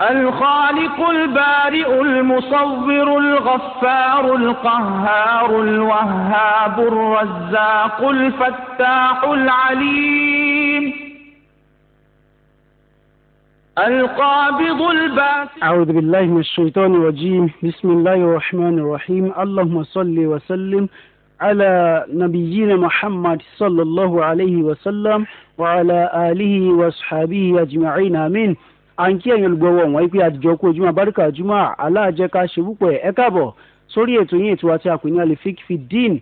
الخالق البارئ المصور الغفار القهار الوهاب الرزاق الفتاح العليم القابض الباسط أعوذ بالله من الشيطان الرجيم بسم الله الرحمن الرحيم اللهم صل وسلم على نبينا محمد صلى الله عليه وسلم وعلى آله وأصحابه أجمعين آمين à ń kí ẹ̀yin olùgbọ́wọ́ wọn pé àtijọ́ kú ojúmọ́ abáríkà ojúmọ́ aláàjẹká ṣebúpọ̀ ẹ̀ káàbọ̀ sórí ètò yín ètò àti àpènyàn alifik fidin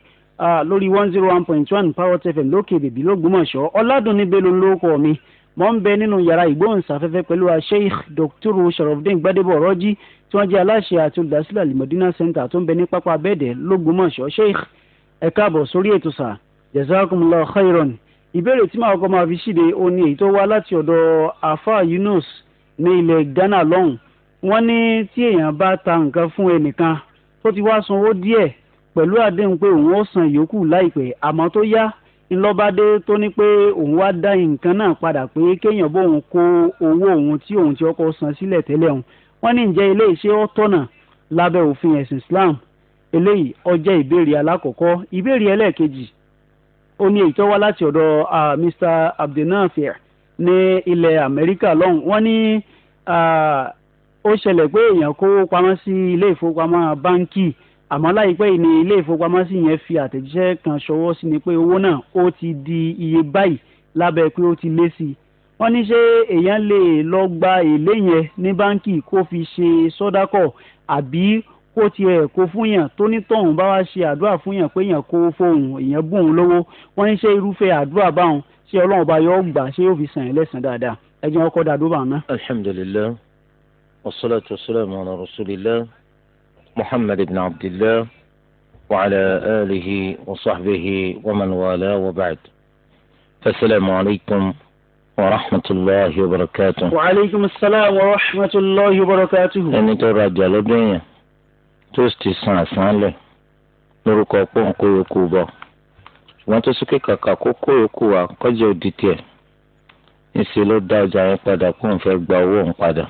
lórí one zero one point one power tfm lókè bèbí lógbómọ̀ṣọ́ ọ̀làdùnní bello lórúkọ mi mo ń bẹ nínú yàrá ìgbóhùnsáfẹ́fẹ́ pẹ̀lú sheikh dr sharafdin gbadebo ọ̀rọ́jì tí wọ́n jẹ́ aláṣẹ àti olùdásílẹ̀ alimọ̀dínà center tó ń bẹ ní pápá abẹ́ẹ̀dẹ̀ lógbómọ̀ṣọ́ sheikh ẹ káàbọ̀ sórí ètò sà jazakumullahu khairan ìbéèrè tí màá kọ́ máa fi ṣíde òní èyí tó wá láti ọ̀dọ̀ afa yunus ní ilẹ̀ Ghana lọ́hùn wọ́n ní tí èèyàn bá ta nǹkan fún ẹnìkan tó ti wá sanwó díẹ̀ pẹ̀lú àdéhùn pé òun ó san ìyókù láìpẹ́ àmọ́ tó yá ńlọ́bádé tó ní pé òun wá dá nǹkan náà padà pé kéèyàn bóun kó owó òun tí òun ti ọkọ̀ san sílẹ̀ tẹ́lẹ̀ òun wọ́n ní ǹjẹ́ ilé iṣẹ́ ọ̀tọ̀nà lábẹ́ òfin ẹ̀sìn Islam eléyìí ó jẹ́ ìbéèrè alákọ̀ọ́kọ́ ìbéèrè ẹlẹ́ẹ̀kejì ó ní èyí tó wá láti ọ̀dọ̀ ah, Mr Abdulnaafir ní ilẹ̀ amẹ́ríkà lọ́hùn wọ́n ní ó ṣẹlẹ̀ pé èèyàn kó pamọ́ sí ilé ìfowópamọ́ báńkì àmọ́ láìpẹ́ yìí ni ilé ìfowópamọ́sí yẹn fi àtẹ̀jíṣẹ́ kan ṣọwọ́ sí ni pé owó náà ó ti di iye báyìí lábẹ́ pé ó ti lé sí i wọ́n ní ṣé èèyàn lè lọ gba èlé yẹn ní báńkì kó fi ṣe sọ́dákọ̀ àbí kó tiẹ̀ kó fún yàn tó ní tọ̀hún bá wá ṣe àdúrà fún pé yàn kó fóun èèyàn bùn ún lówó wọ́n ní ṣé irúfẹ́ àdúrà báwọn ṣé ọlọ́run bá yóò gbà ṣé yóò fi sàn ẹ́ lẹ́sàn dáadáa ẹ jẹ́ wọn kọ́ dáadó bá ná. alhamdulilayi wasalaatu wasalaamu ala rasulillah muhammad ibn abdillah wa ala alihi wa sahbihi wa man wala wa ba'd fasalaamu alaykum wa rahmatulahi wa barakatuh. wa aleykum salaam wa rahmatulahi wa barakatuh. ẹni tó rajà lọ́dún yẹn tó ti san àsán lẹ̀ lórúkọ pọ́ńkó yòókù bọ̀ ṣùgbọ́n tó sókè kàkà kó kó yòókù wá kọjá òdì tiẹ̀ níṣẹ́ ló dá ọjà yẹn padà kó n fẹ́ gba owó òun padà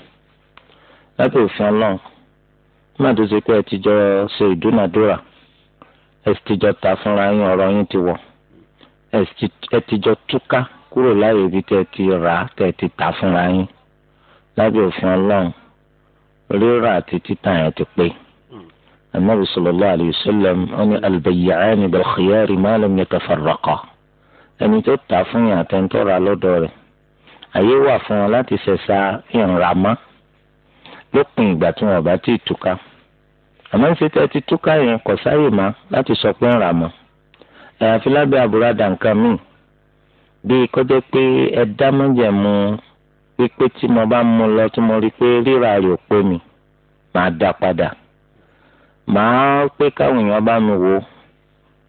lábẹ́ òfin ọlọ́run má tó ṣe pé ẹ ti jọ ṣe ìdúnàdúrà ẹ ti jọ ta fúnra yín ọ̀rọ̀ yín ti wọ̀ ẹ ti jọ túká kúrò láyé ibi tẹ́ ti rà á tẹ́ ti ta fúnra yín lábẹ́ òfin ọlọ́run rírà àti títà yẹn ti pé. النبي صلى الله عليه وسلم أن البيعان بالخيار ما لم يتفرقا ẹni tó ta fún yàn àtẹnitọ́ ra lọ́dọ̀ rẹ̀ àyè wà fún wọn láti ṣẹ̀ṣà ìrànlámá lópin ìgbà tí wọn bá ti túká àmọ́ ṣe tẹ́ ti túká yẹn kò sáyè má láti sọ pé ń rà mọ́ àyàfi lábẹ́ àbúradà nǹkan míì bíi kọjá pé ẹ dá mọ́jẹ̀ mu wípé tí mo bá mu lọ tí mo rí i pé rírà rè ó pé mi màá dá padà màá pé káwọn èèyàn bá mi wò ó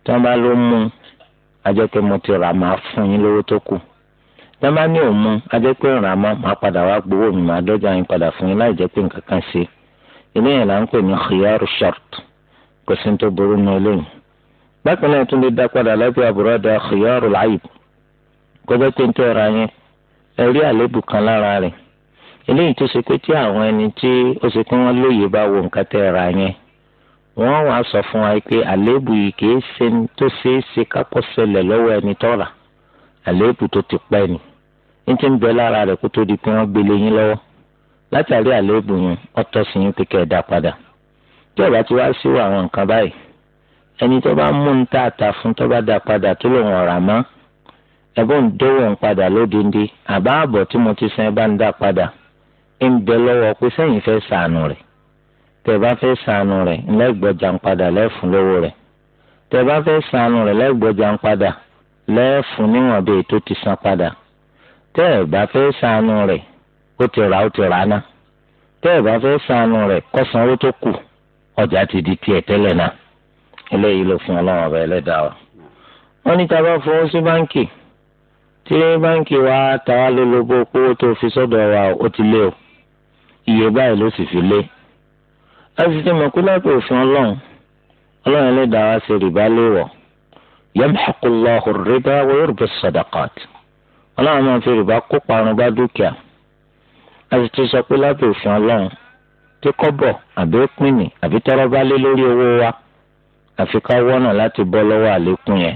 tí wọ́n bá ló mú un ajẹ́pẹ́ mo ti rà máa fún yín lówó tó kù tí wọ́n bá ní òun mú ajẹ́pẹ́ rà má máa padà wá gbowó mi máa dọ́jà yín padà fún yín láì jẹ́ pé nǹkan kan ṣe eléyìí là ń pè ní khiyaru shart kò sí tó burú nu eléyìí bákan náà tún lè dá padà lábẹ́ àbúrọ́dà khiyaru láàyè kó bẹ́ẹ̀ pé ń ra yẹn ẹ rí àlébù kan lára rẹ̀ eléyìí tó ṣe pé tí àwọn ẹni tí ó ṣe pé wọ́n lóye bá wo nǹkan tẹ́ ra yẹn wọ́n wàá sọ fún wa pé àléébù yìí kìí ṣe tó ṣeé ṣe kápọ̀ ṣẹlẹ̀ lọ́wọ́ ẹni tọ́ra àléébù tó ti pẹ́ ni ní ti ń bẹ lára rẹ̀ kó di pé wọ́n gbélé yín lọ́wọ́ látàrí àléébù yẹn ọ̀tọ̀ sí kékeré dá padà tí ọ̀bá ti wá sí àwọn nǹkan báyìí ẹni tó bá mú un ta fún tó bá dá padà tó lòun mọ́ ẹ̀bùn dówó tẹ́ bá fẹ́ sànù rẹ̀ lẹ́gbọ̀jà ń padà lẹ́fun lọ́wọ́ rẹ̀ tẹ́ bá fẹ́ sànù rẹ̀ lẹ́gbọ̀jà ń padà lẹ́fun níwọ̀n bẹ́ẹ̀ tó ti san padà tẹ́ fẹ́ sànù rẹ̀ ó ti rà ó ti rà ná tẹ́ fẹ́ sànù rẹ̀ kọ́sán tó kù ọjà ti di tiẹ̀ tẹ́lẹ̀ náà eléyìí ló fún ọlọ́run ọba ẹlẹ́dàá wa. wọ́n ní tá a bá fowó sí báǹkì tí báǹkì wa ta wá lólobó owó tó fi sọ́dọ̀ wa ó ti lé o iye báyìí ló sì fi lé láti ṣe mọ̀ pé lábẹ́ òfin ọlọ́run ọlọ́run ẹlẹ́dàá wa ṣe rìbá léèwọ̀ yamhaqullahu rìbá wa yurbi sadaqat ọlọ́run máa fi rìbá kó parun bá dúkìá láti ṣe sọ pé lábẹ́ òfin ọlọ́run tí kọ́bọ̀ àbí pínì àbí tọrọ bá lé lórí owó wa àfi ká wọ́nà láti bọ́ lọ́wọ́ àlékún yẹn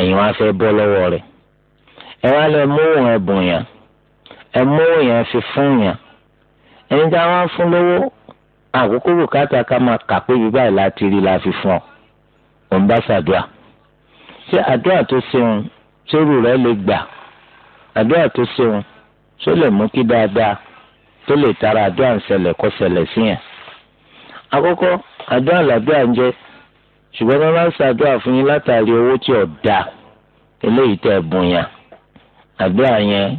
ẹ̀yin wá fẹ́ bọ́ lọ́wọ́ rẹ̀ ẹ wá lọ mówùn ẹ̀bùn yẹn ẹ mówùn yẹn fi fún yẹn ẹni tí a wá fún lówó àkókò bùkátà ká máa kà pé ibi báyìí láti la fi fún ọ òun bá ṣàdúrà ṣé àdúrà tó ṣeun sórí rẹ lè gbà àdúrà tó ṣeun só lè mú kí dáadáa tó lè tara àdúrà ń ṣẹlẹ̀ kó ṣẹlẹ̀ sí yẹn àkọ́kọ́ àdúrà làdúrà ń jẹ́ ṣùgbọ́n wọ́n bá ń ṣàdúrà fún yín látàrí owó tí ò da eléyìí tẹ̀ bùn yàn àdúrà yẹn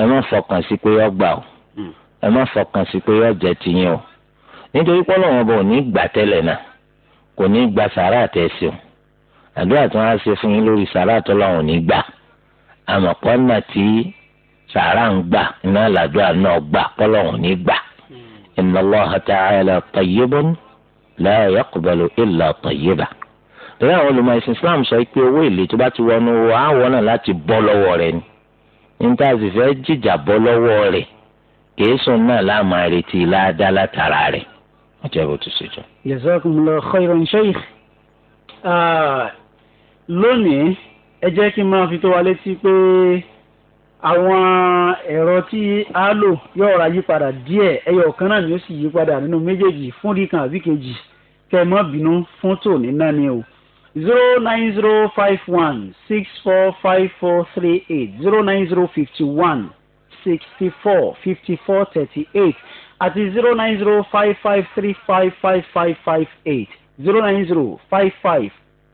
ẹ má fọkàn sí pé yọ gbà o hmm. ẹ má fọkàn sí pé yọ nítorí pé wọn ọba ò ní gbà tẹ́lẹ̀ náà kò ní gba sàrà ṣe fún yín lórí sàrà tó lọ́run ní gbà àmọ̀pọ̀ náà tí sàrà ń gbà iná làdúrà náà gbà ní gbà lórí sọ pé owó tó bá ti wọnú wọ náà láti bọ́ ni níta sì fẹ́ bọ́ lọ́wọ́ sùn náà láàmú àrètí ọjọ́ bó ti ṣe jọ. jazakumullahu khairan sheikh ah, lónìí ẹ jẹ́ kí n máa fi tó wa létí pé àwọn ẹ̀rọ tí a lò yóò ra yípadà díẹ̀ ẹyọ kan náà ni ó sì yípadà nínú méjèèjì fún rí kan àbí kejì kẹ́ ẹ bínú fún tòní náà ni o zero nine zero five one six four five four three eight zero nine zero fifty one sixty four fifty four thirty eight àti zero nine zero five five three five five five five eight zero nine zero five five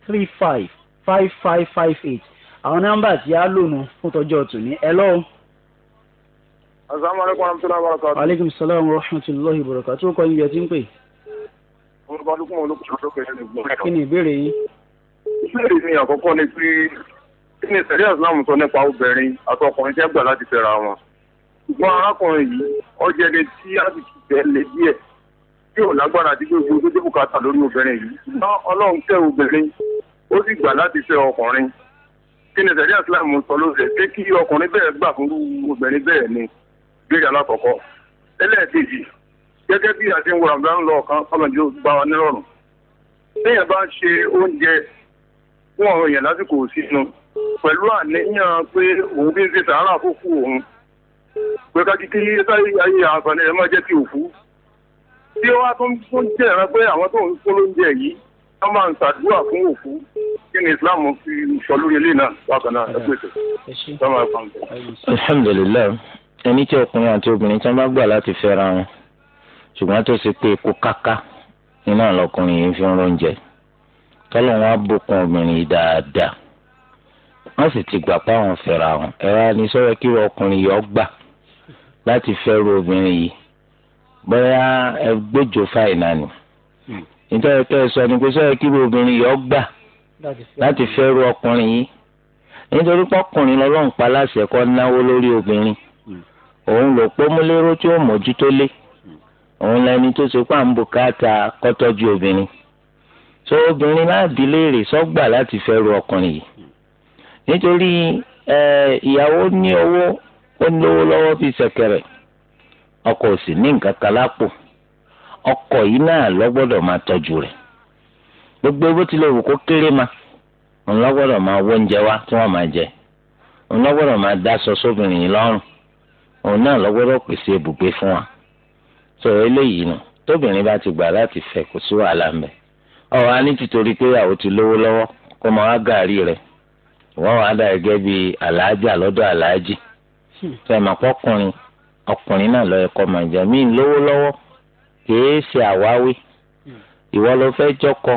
three five five five five eight àwọn nọ́mbà tí a lò nù fún tọjọ́ ọ̀tún ní ẹ lọ́wọ́. asalaamualeykum warahmatulahi wabarakatuh. aleykum salaam wa rahmatulahi wa barakatuh. tó kọ́ ibi ẹ ti ń pè. olùbádùkún olùkùnrin olókè ní ìgbọ́n. kí ni ìbéèrè yìí. ìbéèrè mi àkọ́kọ́ ni pé kí ni sẹ́rí àsìlámù sọ nípa obìnrin àti ọkùnrin tí ẹ gbà láti fẹ́ra wọn ṣùgbọ́n arákùnrin yìí ọjọ́ ẹni tí a sì ti tẹ̀ lé díẹ̀ tí ò lágbára àti gbogbo tó dé bùkátà lórí obìnrin yìí ṣùgbọ́n ọlọ́run tẹ obìnrin ó sì gbà láti fẹ́ ọkùnrin kí ni sẹ́dí àsìlámù sọ ló rẹ̀ pé kí ọkùnrin bẹ́ẹ̀ gbà fún obìnrin bẹ́ẹ̀ ni gbére alákọ̀ọ́kọ́ ẹlẹ́ẹ̀kejì gẹ́gẹ́ bí àti ń wo ramadan lọ kan kọ́mọ̀dé pé ká kíkí ní ayé àǹfààní rẹ̀ máa jẹ́ ti òfú. tí wọ́n á tún jẹ́ ẹ̀rọ pé àwọn tó ń kó lóúnjẹ yìí wọ́n máa ń ṣàdúrà fún òfú kí ni Islam fi sọ lórí ilé náà bákan náà ẹ pèsè. alhamdulilayi ẹni tí ọkùnrin àti obìnrin tí wọ́n bá gbà láti fẹ́ra wọn ṣùgbọ́n tó ṣe pé epo káká nínú àlọ́kùnrin yìí fi ń róúnjẹ tọ́lọ́ wọn á bùkún obìnrin yìí dáadáa wọ́n sì ti gbà pé àwọn fẹ́ra wọn ẹ̀rọ anisọ́wọ́ kí ọkùnrin yìí ọ gbà láti fẹ́rù obìnrin yìí bóyá ẹ gbẹ́jọ́ fáìnà ni hmm. nítorí pé sọ ni pé sọ́yẹ́ kí obìnrin yìí ọ gbà láti fẹ́rù ọkùnrin yìí nítorí pọ́kùnrin lọ́lọ́run pa kọ́ náwó lórí obìnrin hmm. òun lò pé múlẹ́rọ́ tí ó lé hmm. òun lẹni tó ṣe pà ń kọ́tọ́jú obìnrin obìnrin náà sọ́gbà láti fẹ́rù ọkùnrin yìí ó ń lówó lọ́wọ́ fi ṣẹ̀kẹ̀rẹ̀ ọkọ ò ní nǹkan ọkọ yìí náà lọ gbọ́dọ̀ máa tọ́jú rẹ̀ gbogbo bó tilẹ̀ wù kó kéré ma òun lọ gbọ́dọ̀ máa wọ oúnjẹ wá tí wọ́n máa jẹ òun lọ gbọ́dọ̀ máa dáṣọ sóbìnrin yìí lọ́rùn òun náà pèsè ibùgbé fún wa sọ̀rọ̀ eléyìí nù tóbìnrin bá ti gbà láti kò sí wàhálà ní pé àwọn ti lówó kó sẹ́mi àpọ́kùnrin ọkùnrin náà lọ́ọ́ ẹ̀kọ́ màjá mí lówó lọ́wọ́ kìí ṣe àwáwí ìwọ ló fẹ́ jọ́kọ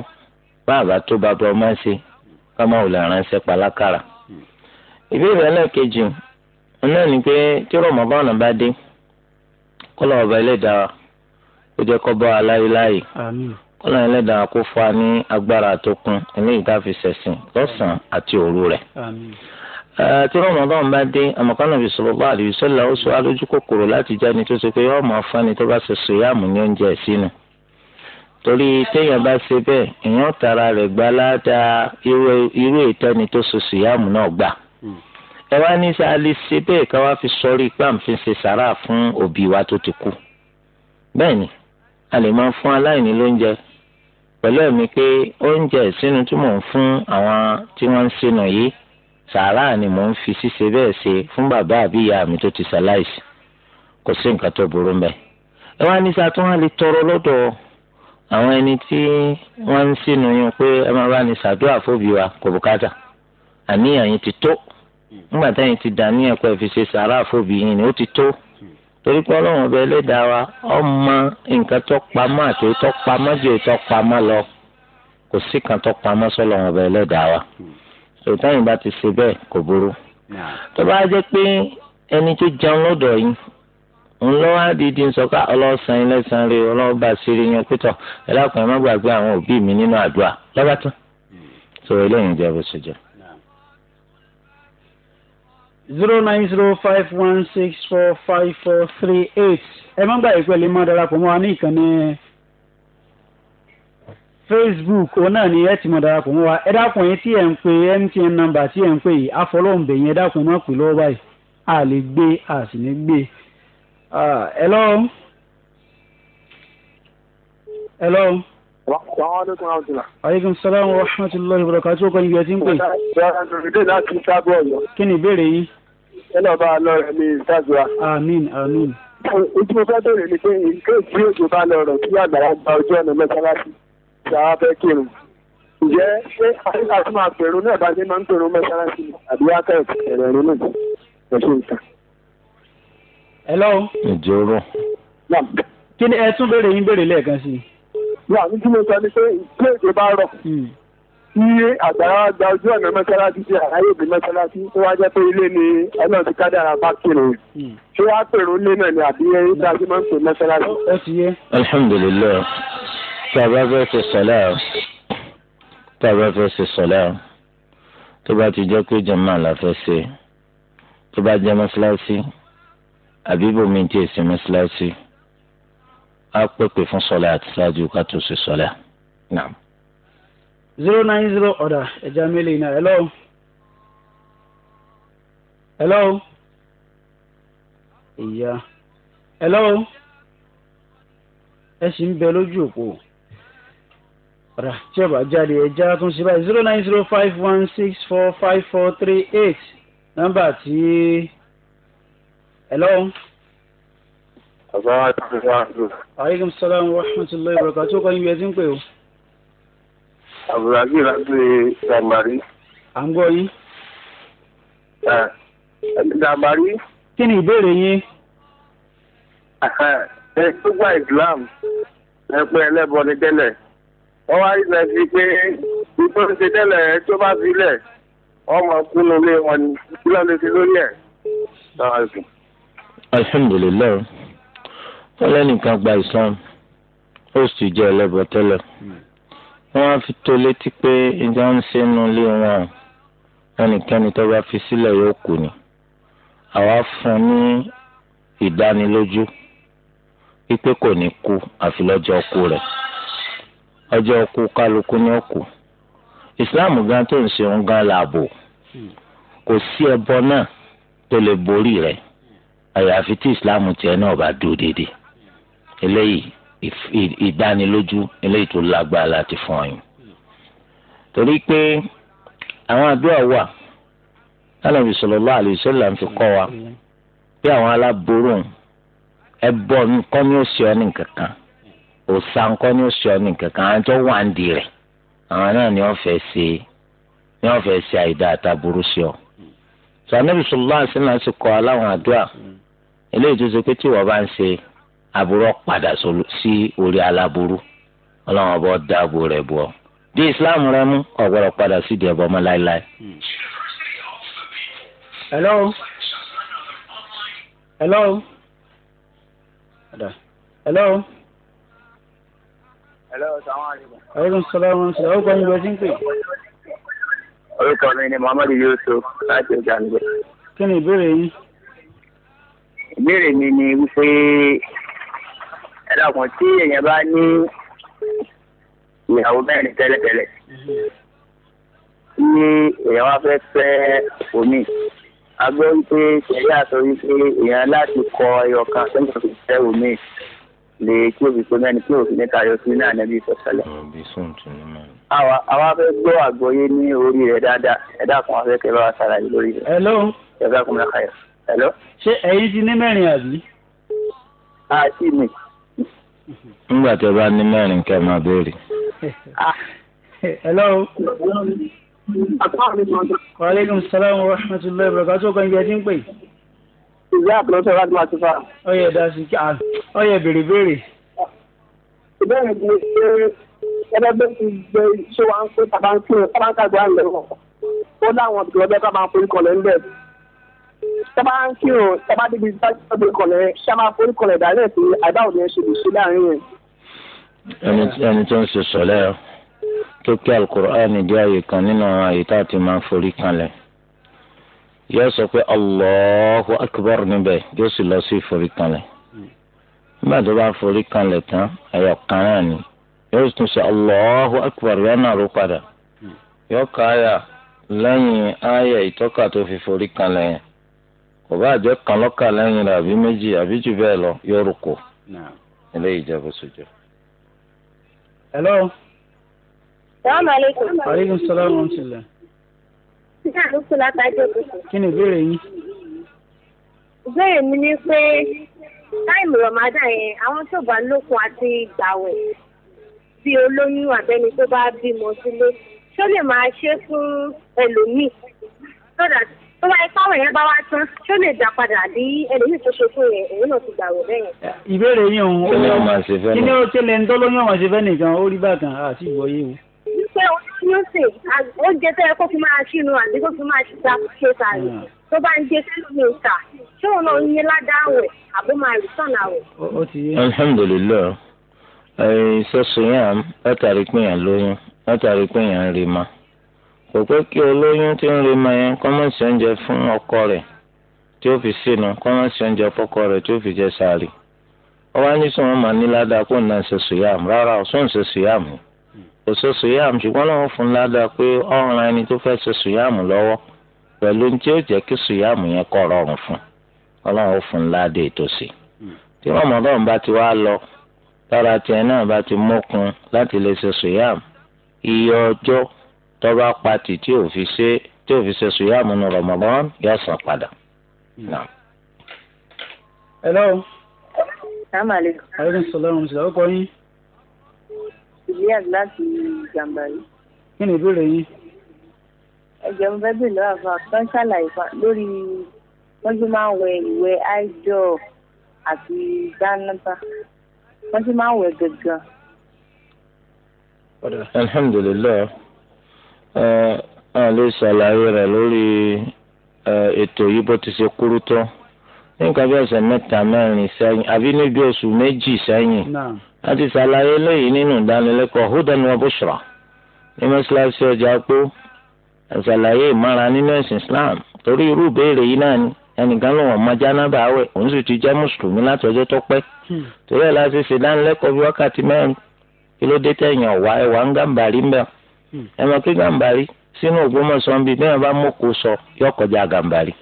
bàbá tó bàbá ọmọ ṣe kámá ò lè ránṣẹ́ ìbéèrè ẹlẹ́ẹ̀kejì náà ni pé tí bá dé ọba ẹlẹ́dàá ó ní agbára tá àti òru tí rọmọdún bá dé àmọkànnà bí sọlọlá àdìsọlá ó sọ alójú kòkòrò láti jáde tó ṣe pé yọọ mọ afáni tó bá ṣe sòyàmù ní oúnjẹ sínú torí téèyàn bá ṣe bẹ́ẹ̀ èèyàn tara rẹ̀ gbá ládàá irú ìtẹni tó ṣe sòyàmù náà gbà ẹ wá ní sá lè ṣe bẹ́ẹ̀ ká wá fi sọrí pàǹfin ṣe sàrà fún òbí wa tó ti kú bẹ́ẹ̀ ni a lè máa fún aláìní lóúnjẹ pẹ̀lú ẹ̀mí pé oúnjẹ ìsínú tí fún àwọn tí wọ́n ń sínú yìí sàárà ni mò ń fi ṣíṣe bẹ́ẹ̀ ṣe fún bàbá àbí ìyá mi tó ti ṣaláìsì kò sí nǹkan tó burú mbẹ. ẹ wá ní sàtún wá lè tọrọ lọ́dọ̀ àwọn ẹni tí wọ́n ń sínú yín pé ẹ máa bá ní sàdúrà fóbi wa kò bùkátà àníyàn yín ti tó nígbà táyìn ti dà ní ẹ̀kọ́ ìfi ṣe sàárà fóbi yín ni ó ti tó torí pé ọlọ́run ọba ẹlẹ́dàá wa ọmọ nǹkan tó pamọ́ àti tó pamọ́ jù tó pamọ́ lọ kò sí kan tó pamọ́ sọ́lọ́run ọba ẹlẹ́dàá wa. Hmm. sòtáyìn bá ti ṣe bẹ́ẹ̀ kò burú tó bá jẹ́ pé ẹni tó jẹun lọ́dọ̀ yìí òun lọ wá dídí nsọká ah, ọlọ́sàn yín lẹ́sàn-án rẹ ọlọ́ba sírí yín pítọ̀ ẹ lákùnrin má gbàgbé àwọn òbí mi nínú àdúrà lọ́ba tán tó hmm. eléyìí jẹ́ bó ṣe jẹ́. zero nine zero five one six four five four three eight ẹ má gbàgbé pẹ̀lú mọ́ darapọ̀ mọ́ wa ní ìkànnì facebook òun náà ni ẹ ti mọ̀ darapọ̀ mọ́ wa ẹ dákun yín tí ẹ̀ ń pe mtn number tí ẹ̀ ń pè yìí afọlọ́ǹbẹ̀ yín ẹ dákun náà pè lọ́wọ́ báyìí a lè gbé a sì ní gbé. hello. hello. aleykum salaam wa rahmatulahi wa barakatuh kọ́ni bí ẹ ti ń pè. kí ni ìbéèrè yín. ẹ lọ bá a lọ rẹ ní ìtajùra. àmín àmín. ojú mo fẹ́ bẹ̀rẹ̀ ni pé nǹkan ìgbé òjò bá lọ rọ̀ kí àgbàrá gba ojú ọ̀nà àwa fẹ́ kírun ǹjẹ́ ṣé àyíká tó máa pèrò náà bá ṣe máa ń pèrò mẹ́sàlásì àbí wákà ẹ̀rọ ẹ̀rọ náà ẹ̀ ṣe nǹkan. hello. ǹjẹ́ o rọ̀. kí ni ẹ tún béèrè yín béèrè lẹ́ẹ̀kan sí i. wà ní kí ló sọ ni pé ìpínlẹ̀ èdè bá rọ̀ iye hmm. àgbàrá gba ojú ọ̀nà mẹ́sàlásì sí àráyè òbí mẹ́sàlásì tó wá jẹ́ pé ilé ni ọlọ́run ti kádàrà bá kírun hmm. ṣé wàá pèrò ilé náà ni àbí ẹ̀yìn tí a ti máa ń pè mẹ́sàlásì. alhamdulilayi tàbá fẹ́ ṣe sọ̀lá ọ̀ tàbá fẹ́ ṣe sọ̀lá ọ̀ tó bá ti jẹ́ pé jàmáà la fẹ́ ṣe tó bá jẹ́ mọ́ṣáláṣí àbí bòmí tí èsì mọ́ṣáláṣí á pèpè fún sọ̀lá àti ṣáájú ká tó ṣe sọ̀lá. zero nine zero ọ̀dà ẹ̀já mélòó iná hello. hello. ìyá hello ẹ sì ń bẹ lójú òpó rà tí ọba jáde ẹja tún ṣe báyìí zero nine zero five one six four five four three eight nọ́mbà tí hello. aleykum salaam wa rahmatulahi wa barakatuh tó kọ́ ibi ẹ ti ń pè o. abdulrahman láti sàmárì. à ń gbọ́ yín. sàmárì. kí ni ìbéèrè yín? ẹ gbogbo islam ẹ pé ẹlẹ́bọ ni tẹ́lẹ̀ wọ́n wá rí lẹ́ sí pé ìtò ń ṣe tẹ́lẹ̀ tó bá sílẹ̀ wọ́n mọ̀ kúnnú lé wọn ni kí lè fi lórí ẹ̀. alhamdulilayi wọn gba islam ó sì jẹ́ ẹlẹ́bọ tẹ́lẹ̀ wọ́n á fi tó létí pé ìjà ń ṣe nu lé wọn ẹnikẹ́ni tó bá fi sílẹ̀ yóò kú ni àwa fún ní ìdánilójú wípé kò ní kú àfi lọ́jọ́ kú rẹ̀ ọjọ́ ọkú kálukú ní ọkù islam gan tó ń ṣe ń gan láàbò kò sí ẹbọ náà tó lè borí rẹ̀ àyàfi tí islam tiẹ̀ náà bá dúró déédéé eléyìí ìdánilójú eléyìí tó lágbára láti fún ọyàn torí pé àwọn àdúrà wà lánàbì sallallahu alaihi wasallam fi kọ́ wa bí àwọn aláboró ẹbọ nǹkan ni ó ṣe ọ ní nǹkan kan òòṣà ńkọ́ ní oṣù ọ̀nì kankan àwọn tó wà ń di rẹ̀ àwọn náà ni wọ́n fẹ́ ṣe ni wọ́n fẹ́ ṣe àìdá àtàbúrú sí ọ. sọ anábì sọlá àṣìlá ti kọ́ aláwọn àdúrà eléyìí tó ṣe pé tí wọ́n bá ń ṣe àbúrò padà sí orí aláburú ọlọ́run ọba dáàbò rẹ̀ bọ̀ bí islam rẹ mú ọ̀gbọ́dọ̀ padà sí ìdí ẹ̀bọ ọmọ láéláé. hello hello hello aleykum salaam wa rahmatulah orúkọ mi bẹ́ẹ̀ ti ń pè. orúkọ mi ni muhammadu yusuf láti ọjà ń gbé. kí ni ìbéèrè yín. ìbéèrè mi ni wípé ẹ dàkún tí èèyàn bá ní ìyàwó mẹ́rin tẹ́lẹ̀tẹ́lẹ̀ ní èèyàn wá fẹ́ fẹ́ omi a gbọ́ wípé ṣẹ̀yà sọ wípé èèyàn láti kọ ẹyọ kan sẹ́yìn fẹ́ omi lè kí òbí pé mẹ́ni kí òbí níta yọ sí ní ànábì ìfọ̀sálẹ̀. àwa àwa fẹ́ gbọ́ àgbọ́yé ní orí rẹ̀ dáadáa ẹ̀dá kan wá fẹ́ kẹ́ bá wa ṣàlàyé lórí rẹ̀. hello. ẹ̀dá kan mẹ́ka yọ. hello. ṣé ẹ̀yin ti ní mẹ́rin àbí. a ti mi. nígbà tí o bá ní mẹ́rin kẹ́ máa béèrè. Ah, hello. wa aleykum salaam wa rahmatulahi wa barakatuh kan jẹ́ ti ń pè ìyá àpilọ́tọ̀ láti máa ti fa. ọyẹ dasi kí ọyẹ béèrè béèrè. ìbéèrè mi ṣe ẹgbẹ́ bẹ́ẹ̀ ti gbé ṣé wàá ń pè tàbá ń pè tàbá ń kàgbé àlẹ́ wọn. ó láwọn ìgbìmọ̀ bẹ́ẹ̀ tàbá ń pè kọ̀lẹ́ ńbẹ̀. tàbá ń kí o tàbá débi tàbí kọ̀lẹ́ ṣàmà pè kọ̀lẹ́ dálẹ̀ sí àdáwò yẹn ṣe lè ṣe láàrin yẹn. ẹni tó ń ṣe sọ̀lẹ́ tó kí alukur'an di àyè kan nínú àwọn àyè tá a ti máa forí kanlẹ̀. yóò sọ pé Allahu akbar níbẹ̀ yóò sì lọ sí ìforíkanlẹ̀ nígbà tó bá forí kanlẹ̀ tán ẹ̀yọ̀ kan náà ni yóò tún sọ Allahu akbar yóò náà ró padà yóò ká fi forí kanlẹ̀ yẹn kò bá àjọ kan lọ́kà lẹ́yìn rẹ̀ àbí méjì àbí jù bẹ́ẹ̀ lọ hello. sísá ló kó látàjọ kòtò. kí ni ìbéèrè yín. ìbéèrè mi ni pé táìmù ramadan yẹn àwọn tó bá lókun àti gbàwẹ̀ bíi olóyún àbẹ́ni tó bá bímọ sílé ṣó lè máa ṣe fún ẹlòmíì tó dà tó wáyé fáwọn èèyàn bá wá tán ṣó lè dà padà bí ẹlòmíì tó ṣe fún yẹn èyí náà ti gbàwẹ̀ bẹ́yẹn. ìbéèrè yín òun ó ní ọmọ ṣe fẹ́ nìkan ó rí bákan àti ìwọ yé o. wípé o tí ó sè oúnjẹ tó yẹ kó fi máa ṣínú àbí kó fi máa ṣiṣẹ́ àkókò sàrè tó bá ń gbé sẹ́lómi ìta ṣé òun náà yín ládàáwẹ̀ àbó máa rí sọ̀nà wẹ̀. alhamdulilayi sọ́sùn yàn látàrí pé yàn lóyún látàrí pé ń ma kò pé kí olóyún tí ń yẹn oúnjẹ fún ọkọ rẹ̀ tí ó fi sínú oúnjẹ fọ́kọ rẹ̀ tí ó fi jẹ ní sọ mà ní kò sọ sùyàmù ṣùgbọ́n lọ́wọ́ fún un ládàá pé ọ̀ràn ẹni tó fẹ́ sọ sùyàmù lọ́wọ́ pẹ̀lú ní tí ó jẹ́ kí sùyàmù yẹn kọ́ rọrùn fún ọlọ́run fún un ládàá ètòsí. tí rọmọdọ́n bá ti wá lọ lára tiẹ̀ náà bá ti mọ́kun láti lè sọ sùyàmù iye ọjọ́ tó bá pati tí ò fi ṣe tí ò fi ṣe sùyàmù ní rọmọdọ́n yóò san padà. hello. salaamaleykum. aleykum salaam wa Juliet láti Jàǹbáyé. kí ni ìbéèrè yín. ẹ̀jẹ̀ mo fẹ́ bèèrè lọ́wọ́ àfa kan ṣàlàyé lórí wọ́n ṣe máa ń wẹ ìwẹ̀ àìjọ àti dánábà wọ́n ṣe máa ń wẹ gẹ̀gàn. alhamdulilayi ẹ ẹ lè ṣàlàyé rẹ lórí ètò yìí bó ti ṣe kúrú tó nǹkan bí ọ̀sẹ̀ mẹ́ta mẹ́rin sẹ́yìn àbí níbi oṣù méjì sẹ́yìn a ti ṣàlàyé léyìí nínú ìdánilẹ́kọ̀ọ́ hudan wa bushra ní mọ́ṣáláṣí ọjà pé àṣàlàyé ìmára nínú ẹ̀sìn islam torí irú ìbéèrè yìí náà ni ẹnìkan ló wọ́n má jánábà àwẹ̀ òun sì ti jẹ́ mùsùlùmí láti ọjọ́ tó pẹ́ hmm. torí ẹ̀ láti ṣe ìdánilẹ́kọ̀ọ́ bí wákàtí mẹ́rin kí ló dé tẹ̀yìn ọ̀wá ẹ̀wà ń gàǹbàrí sínú Ògbómọ̀ṣọ́ ń bi bí wọn bá mọkò sọ yóò kọjá gàǹbarì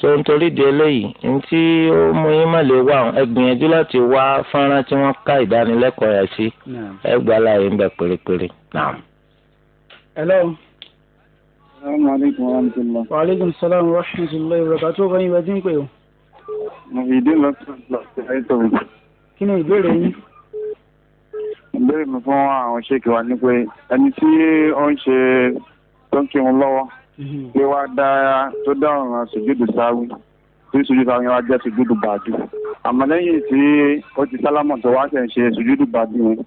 tó ń torí di eléyìí ntí ó mú yín má lè wá ẹ gbìyànjú láti wá fọ́nrán tí wọ́n ká ìdánilẹ́kọ̀ọ́ yẹn sí ẹ gba láàyè ń bẹ pérépéré náà. hello. salaamaleykum wa rahmatulah. wa aleykum salaam wa rahmatulah ìrọ̀lẹ́ kàtó kan yín bẹ tí ń pè o. mo fi ìdí lọ sí ọ̀sẹ̀ àìsàn mi. kí ni ìbéèrè yín ìbéèrè mi fún àwọn ṣèkì wa ni pé ẹni tí ó ń ṣe tó ń kírun lọ́wọ́ mhm. pé wá dára tó dá ọ̀ràn sùjúdù sáwí tí sùjúdù sáwí wá jẹ́ sùjúdù bàdí àmọ́ lẹ́yìn tí ó ti sálámọ̀ tó wá ṣẹ̀ ń ṣe sùjúdù bàdí yẹn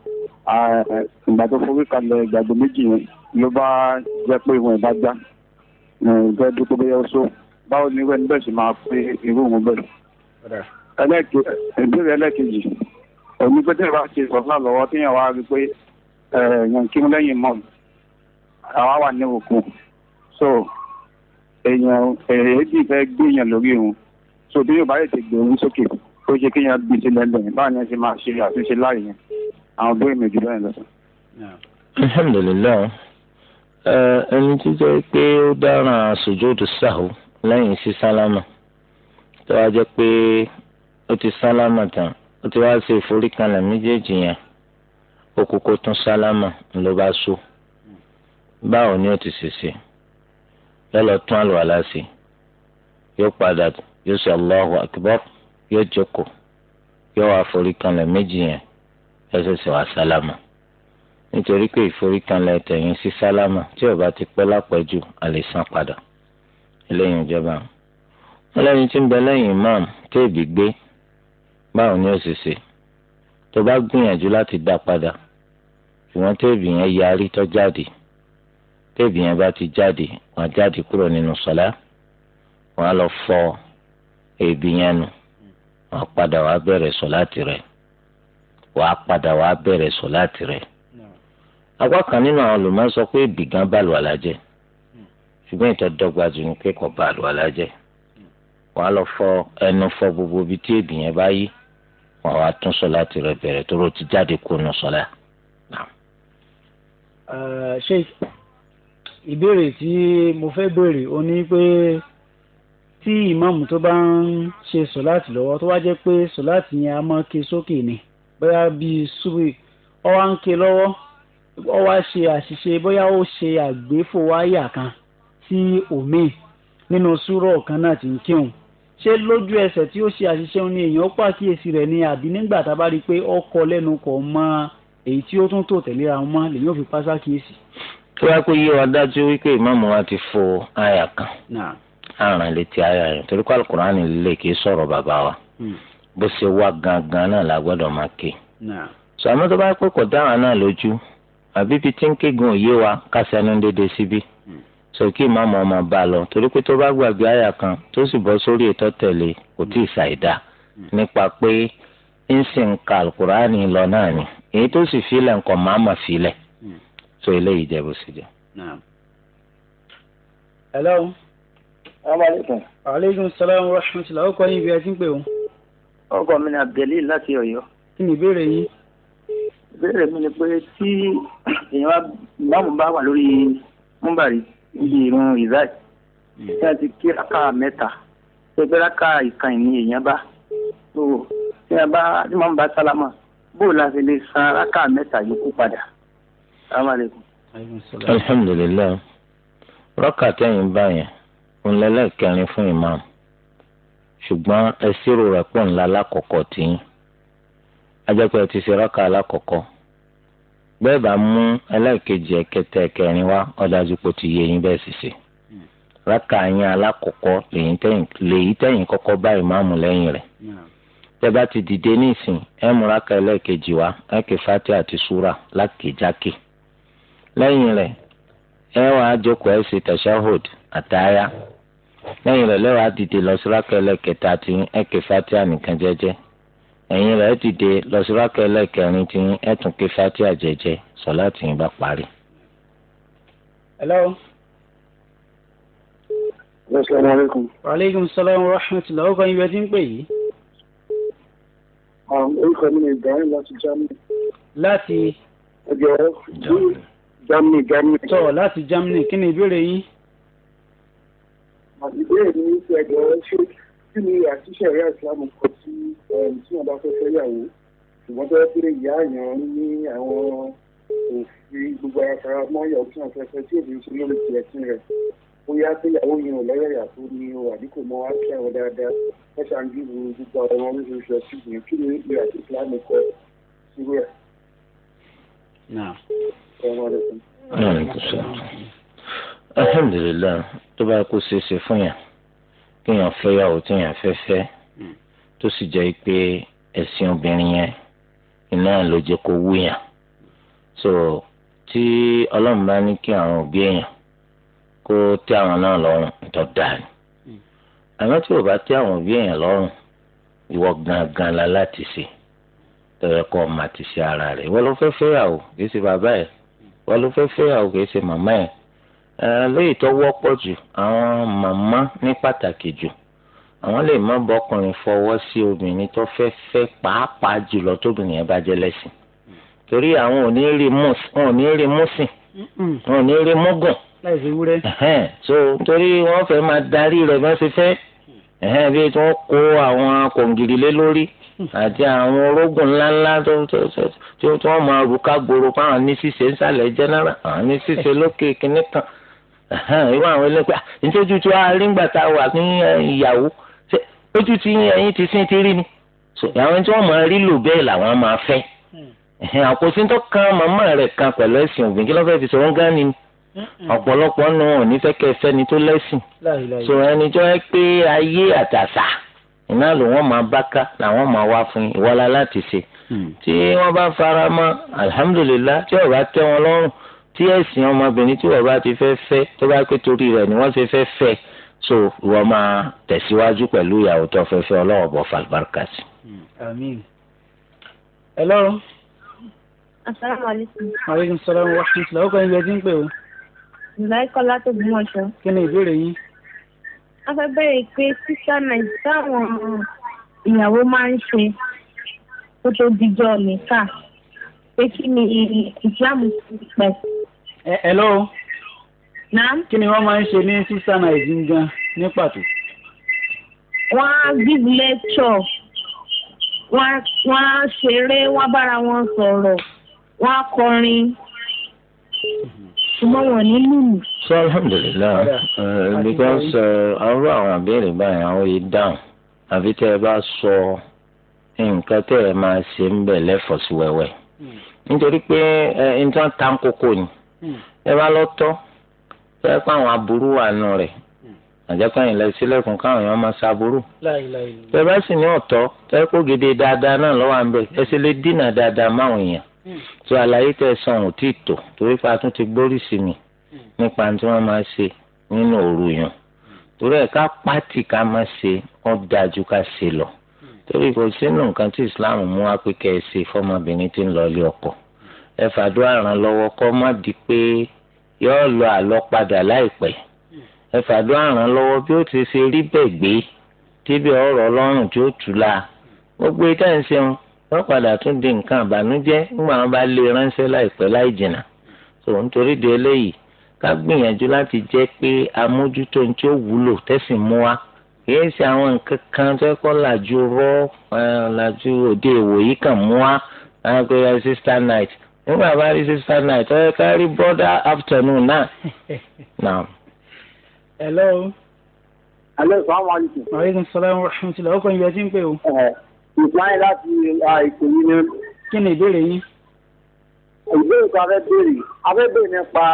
ìgbà tó forí kalẹ̀ ìgbàgbọ́ méjì yẹn ló bá jẹ́ pé ìwọ̀n ìbá já ìgbẹ́ dúpọ̀ bẹ́yẹ oṣó báwo ni irú ẹni bẹ́ẹ̀ sì máa pé irú òun bẹ́ẹ̀. ìbéèrè ẹlẹ́kejì òní pé tẹ́lẹ̀ bá ṣe ìfọ̀fúnà lọ́wọ́ téèyàn wá rí pé èèyàn kírun lẹ́yìn mọ́ọ̀mù àwa wà ní òkun so èèyàn èébì fẹ́ gbéyàn lórí òun so bí yóò bá lè ti gbé òun sókè ó ṣe kéèyàn gbé sílẹ̀ lẹ́yìn báwo ni ẹ ṣe máa ṣe àtúnṣe láàyè yẹn àwọn bóyá méjì bẹ́ẹ̀ lọ́sàn. alhamdulilayi ẹni tí jẹ́ pé ó dáràn sùjúdù sàhù lẹ́yìn sí sálámà tó wá jẹ́ pé ó ti sálámà tán ó ti wá ṣe ìforíkanlẹ̀ méjèèjì yẹn ó tún sálámà ló sùn báwo ni ó ti ṣe ṣe yóò lọ tún àlùwàlá ṣe yóò padà yóò ṣe Allahu akbar yóò jókòó yóò wá foríkanlẹ̀ méjì yẹn ẹsẹ̀ sì wá sálámà nítorí pé ìforíkanlẹ̀ tẹ̀yìn sí sálámà tí ó bá ti pẹ́ lápẹ́jù àlè san padà eléyìí ìjọba ọlẹ́ni tí ń bẹ lẹ́yìn imam téèbì gbé báwo ni ó sì ṣe tó bá gbìyànjú láti dá padà ṣùgbọ́n téèbì yẹn yarí tó jáde téèbì yẹn bá ti jáde wọn jáde kúrò nínú sọlá wọn lọ fọ èébì yẹn nù wọn padà wá bẹ̀rẹ̀ sọlá tirẹ̀ wọn padà wá bẹ̀rẹ̀ sọlá tirẹ̀ apá kan nínú àwọn olùmọ̀ sọ pé èébì gan bá lù alájẹ ṣùgbọ́n ìtọ́ dọ́gba jù ní kékọ̀ọ́ bá lù alájẹ wọn lọ fọ ẹnu fọ gbogbo ibi tí èébì yẹn bá yí wọn wá tún sọlá tirẹ̀ bẹ̀rẹ̀ tó ló ti jáde kúrò nínú sọlá. ṣé ìbéèrè tí mo fẹ́ béèrè ó ní pé tí ìmáàmù tó bá ń ṣe sọ̀láàtì lọ́wọ́ tó wá jẹ́ pé sọ̀láàtì yẹn a máa ké sókè ni bóyá bíi ṣúbì ó wá ń ké lọ́wọ́ ó wá ṣe àṣìṣe bóyá ó ṣe àgbéfò wáyà kan sí omi nínú súrọ̀ kan náà ti ń kírun ṣé lójú ẹsẹ̀ tí ó ṣe àṣìṣe ni èèyàn pàkíyèsí rẹ̀ ni àbí nígbà tá a bá rí i pé ó kọ lẹ́nu kọ̀ mọ́ èyí tí ó tún tò tẹ̀léra wọn lèyìn ò fi pásákíyèsí tó bá pé yé wa dájú wípé ìmáàmù wa ti fo àyà kan àrùn létí àyà yẹn torí pé alukur'an lè kí sọ̀rọ̀ bàbá wa hmm. bó ṣe wá gangan náà la gbọ́dọ̀ máa ké sọ àmọ́ tó bá pé kò dáhà náà lójú àbí bíi tí ń kégun òye wa kásánú dédé síbí hmm. sọ kí ìmáàmù ọmọ bá lọ torí pé tó bá gbàgbé àyà kan tó sì bọ́ sórí ètò tẹ̀lé kò tí ì ṣàìdá hmm. nípa pé ń sìn ka alukur'an lọ náà ni èyí tó sì file nǹkan máa file. filẹ̀ tó eléyìí jẹ bó ṣe jẹ. hello. salaamaleykum. aleykum salaam wa rahmatulah. ó kọ́ yín bí ẹ ti ń pè o. ọkọ mi ni abdeli láti Ọ̀yọ́. kí ni ìbéèrè yín. ìbéèrè mi ni pé tí èèyàn bámu bá wà lórí múbàrí níbi ìrun ìzáì hmm. tí wọ́n ti kí raka mẹ́ta tó fẹ́ raka ìkànnì ni èèyàn bá tó tí wọ́n bá tí wọ́n bá sálámà bó la fi lè san raka mẹ́ta yòókù padà salaamaleykum. alhamdulilayi rọ́kà tẹ́yìn báyẹn òun lẹ́lẹ́kẹrin fún imam ṣùgbọ́n ẹ ṣírò rẹ̀ pọ̀ ńlá lákọ̀ọ́kọ́ tìyín ajẹ́pẹ́ ti ṣe rọ́kà alákọ̀ọ́kọ́ bẹ́ẹ̀ bá mú ẹlẹ́ẹ̀kejì ẹ̀kẹta ẹ̀kẹrin wá ọ̀dájú kò ti yé yín bẹ́ẹ̀ sì ṣe rọ́kà yín alákọ̀ọ́kọ́ lèyí tẹ́yìn kọ́kọ́ bá ìmáàmù lẹ́yìn rẹ̀ tẹ́bá ti dìde nísìn ẹ̀ mú rọ́kà ẹlẹ́ẹ̀kejì wá ẹ̀kẹ́ fati àti súra lákèjákè. Hmm. lẹ́yìn rẹ̀ ẹ wàá jókòó ẹ ṣe tashahud àtàyà lẹ́yìn rẹ̀ lẹ́wàá dìde lọ́sọ́rákẹ́ ẹlẹ́kẹta tí ẹ ké fatia nìkan jẹ́jẹ́ ẹ̀yìn rẹ̀ dìde lọ́sọ́rákẹ́ ẹlẹ́kẹrin tí ẹ tún ké fatia jẹ́jẹ́ sọlá tì yín bá parí. hello. asalaamualeykum. waaleykum salaam wa rahmatulah ọkọ ibi ẹtí ń pè yìí. Um, orúkọ mi ni ibrahim láti láti. ọjọ́ Germany Germany. sọ láti Germany kí ni ìbéèrè yín. ìbéèrè mi ń ṣe ẹgbẹ́ ṣé kí ni àtúnṣe ẹ̀rọ ìsìlámù kan tí tí bá fẹ́ fẹ́yàwó ṣùgbọ́n tó yẹ pé ìyá àyàn ní àwọn òfin gbogbo ayakara mọ́yọ̀ tí wọ́n fẹ́ fẹ́ tí òfin ṣe lórí tiẹ̀ tí rẹ̀ bóyá péyàwó yẹn ò lọ́yọ̀yà tó ní o àdínkù mọ́ wá kí àwọn dáadáa wọ́n ṣàǹgí gbogbo àwọn oríṣiríṣi ọtí gbìyànjú kí ni ìgbé àti ìsìlámù kọ síwẹ̀ náà. alhamdulilayi tó bá kó ṣeéṣe fún yàn kéèyàn fẹ́yàwó téèyàn fẹ́ fẹ́ tó sì jẹ́ pé ẹ̀sìn obìnrin yẹn iná ló jẹ́ kó wú yàn so tí ọlọ́run bá ní kí àwọn òbí èèyàn kó tẹ́ àwọn náà lọ́rùn tó dáa ni àmọ́ tí ò bá tẹ́ àwọn òbí èèyàn lọ́rùn ìwọ gangan la láti ṣe. Si tọ́yẹ kọ́ ọmọ àti ṣe ara rẹ̀ wọ́n ló fẹ́ fẹ́yàwó kìí ṣe bàbá ẹ̀ wọ́n ló fẹ́ fẹ́yàwó kìí ṣe màmá ẹ̀ léyìí tó wọ́pọ̀ jù àwọn màmá ní pàtàkì jù àwọn lè má bọkùnrin fọwọ́ sí obìnrin tó fẹ́ fẹ́ pàápàá jùlọ tóbìnrin yẹn bá jẹ́ lẹ́sìn torí àwọn ò ní rí mùsìn wọn ò ní rí mọ́gàn so torí wọ́n fẹ́ máa darí rẹ̀ bá ṣe fẹ́ bí wọ́n kó àwọn kòǹgìrì lé lórí àti àwọn orógùn ńláńlá tó tí wọ́n máa rù ká gbòòrò fáwọn ní ṣíṣe ńsàlẹ̀ jẹ́nẹ́rà àwọn ní ṣíṣe lókè kínní kan irú àwọn ẹlẹ́pẹ́ nítorí tí wàá rí ńgbà tá a wà ní ìyàwó ojú tí ẹyin ti sin ti rí ni àwọn tí wọ́n máa rí lò bẹ́ẹ̀ làwọn máa fẹ́ àkóso tó kan màmá rẹ̀ kan pẹ̀lú ẹ̀sìn òbí kí ló fẹ́ fi sọ wọ́n gán ni ọ̀pọ̀lọpọ̀ nù ọ̀ nífẹ̀ẹ́ kẹfẹ́ ni tó lẹ́sìn so ẹni tó yẹ pé ayé àtàṣà iná ló wọ́n máa bá ká làwọn máa wá fún ìwọlá láti ṣe hmm. tí wọ́n bá fara mọ́ alihamudulilayi tí ọba tẹ́ wọn lọ́rùn tí ẹ̀sìn ọmọbìnrin tí ọba ti fẹ́ fẹ́ tó bá pé torí rẹ̀ ni wọ́n ṣe fẹ́ fẹ́ so ìwọ máa tẹ̀síwájú pẹ̀lú ìyàwó tó fẹ́ fẹ́ ọlọ́wọ́ bọ̀ falbarkasi. àmín. hello. asalaamualeykum. maaleykum salaam wa rahmatulah. ó kàn ń yẹ jí ń pè o. ìlà ìkọlá tó gbọmọṣọ. kí ni ìbéèrè yín a fẹ́ bẹ̀rẹ̀ pé sísá náà táwọn ìyàwó máa ń ṣe kó tó dijọ́ nìka pé kí ni ìsìlámù ti pẹ̀. ẹ ẹ lọ́wọ́ kí ni wọ́n máa ń ṣe ní sísá náà ìdíngan ní pàtó. wọ́n á give lecture wọ́n á ṣeré wọ́n á bára wọn sọ̀rọ̀ wọ́n á kọrin. Mhm. ṣùgbọ́n wọn ní lùlù. sọ alhamdulilayi uh, because ọ̀rọ̀ àwọn àbẹ̀rẹ̀ báyìí àwọn yìí dáhùn àfi tẹ́ ẹ bá sọ nǹkan tẹ́ ẹ máa ṣe ń bẹ̀ lẹ́fọ̀ọ́ sí nítorí pé nǹkan ta ń ni ẹ bá lọ tọ́ ẹ pa àwọn aburú wà nù rẹ̀ àjẹpẹ́yìn lẹ káwọn máa ṣàbúrò. ẹ bá sì ní ọ̀tọ́ ẹ kó gidi dáadáa tó hmm. àlàyé tẹ̀sán ò tí tò torí pé a tún ti gbórí sí mi hmm. nípa tí wọ́n máa ṣe nínú òru yàn hmm. torí ẹ̀ ká pàtì ká máa ṣe wọ́n dájú ká ṣe lọ torí kò sínú nǹkan tí Islam mú wá pé kẹ́ ẹ ṣe fọ́mọbìnrin tí ń lọ ilé ọkọ ẹ fàdúrà ràn lọ́wọ́ kọ́ má di pé yóò lọ àlọ́ padà láìpẹ́ ẹ fàdúrà ràn lọ́wọ́ bí ó ti ṣe rí bẹ́ẹ̀ gbé tíbi ọ̀rọ̀ ọlọ́run tí ó tù la gbogbo ìtẹ́ǹsẹ̀ wọn wọ́n padà tún di nǹkan àbànújẹ́ nígbà wọn bá lé e ránṣẹ́ láìpẹ́ láì jìnnà tó nítorí di eléyìí ká gbìyànjú láti jẹ́ pé amójútó ní tí ó wúlò tẹ́sí mú wa kìí ṣe àwọn nǹkan kan tó kọ́ làjú làjú òde èwò yìí kàn mú wa láàgbé night nígbà bá rí night afternoon náà. hello. ìpáyín láti èkó yìí ni. kí ni ìbéèrè yín. ìbéèrè kan afẹ́ béèrè afẹ́ béèrè nípa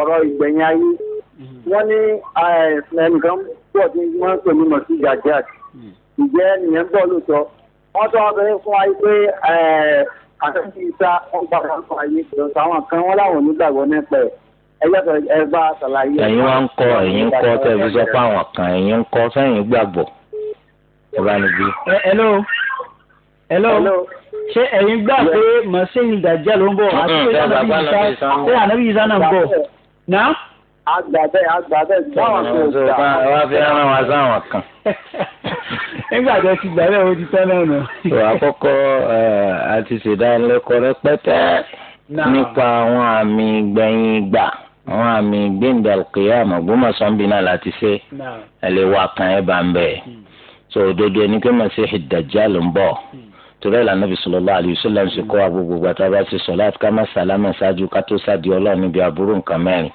ọ̀rọ̀ ìgbẹ̀yìn ayé mm-hmm. wọ́n ní ẹnìkan pọ̀ tí wọ́n ń pè ní mọ̀sí jàjáàt ìjẹ́ mm-hmm. nìyẹn ń bọ̀ lóòótọ́ wọ́n tọ́ ọbẹ̀ fún wa pé àtẹ̀sí ìta ọgbà kan fún ayé ìjọba àwọn kan wọ́n láwọn onígbàgbọ́ nípa ẹ̀ ẹ̀yìn wa ń kọ́ ẹ̀yìn ń kọ́ tẹ̀síṣẹ́ fáwọn kan ẹ̀yìn ń kọ́ sẹ́yìn gbàgbọ́ ìbánigbé. hello hello ṣé ẹ̀yin gbà pé mọ̀sẹ́yìn ìdàjẹ́ ló ń bọ̀ àti pé ànábì yìí sáà náà ń bọ̀ náà agbábẹ́ agbábẹ́ táwọn tó gbà. wá fi rán wa sáwọn kan. nígbà tó ti gbà bẹ́ẹ̀ o ti tán náà nù. tó àkọ́kọ́ àti ṣèdánilẹ́kọ̀ọ́ rẹpẹtẹ nípa àwọn àmì gbẹ̀yìn gbà àwọn àmì gbẹ̀ǹdà kìyàmọ̀ gbọ́mọ̀sánbí náà láti ṣe ẹ lè wà kàn ẹ́ bá ń bẹ̀. Hmm so òdodo ẹni pé masihi dajjal ń bọ̀ torí ẹ̀la nàbì sallallahu alaihi wasallam ń ṣe kọ́ agbègbè gbàtà bá ṣe sọ̀lá ká má sàlámà ṣáájú ká tó sáàdì ọlọ́run níbi àbúrò nǹkan mẹ́rin.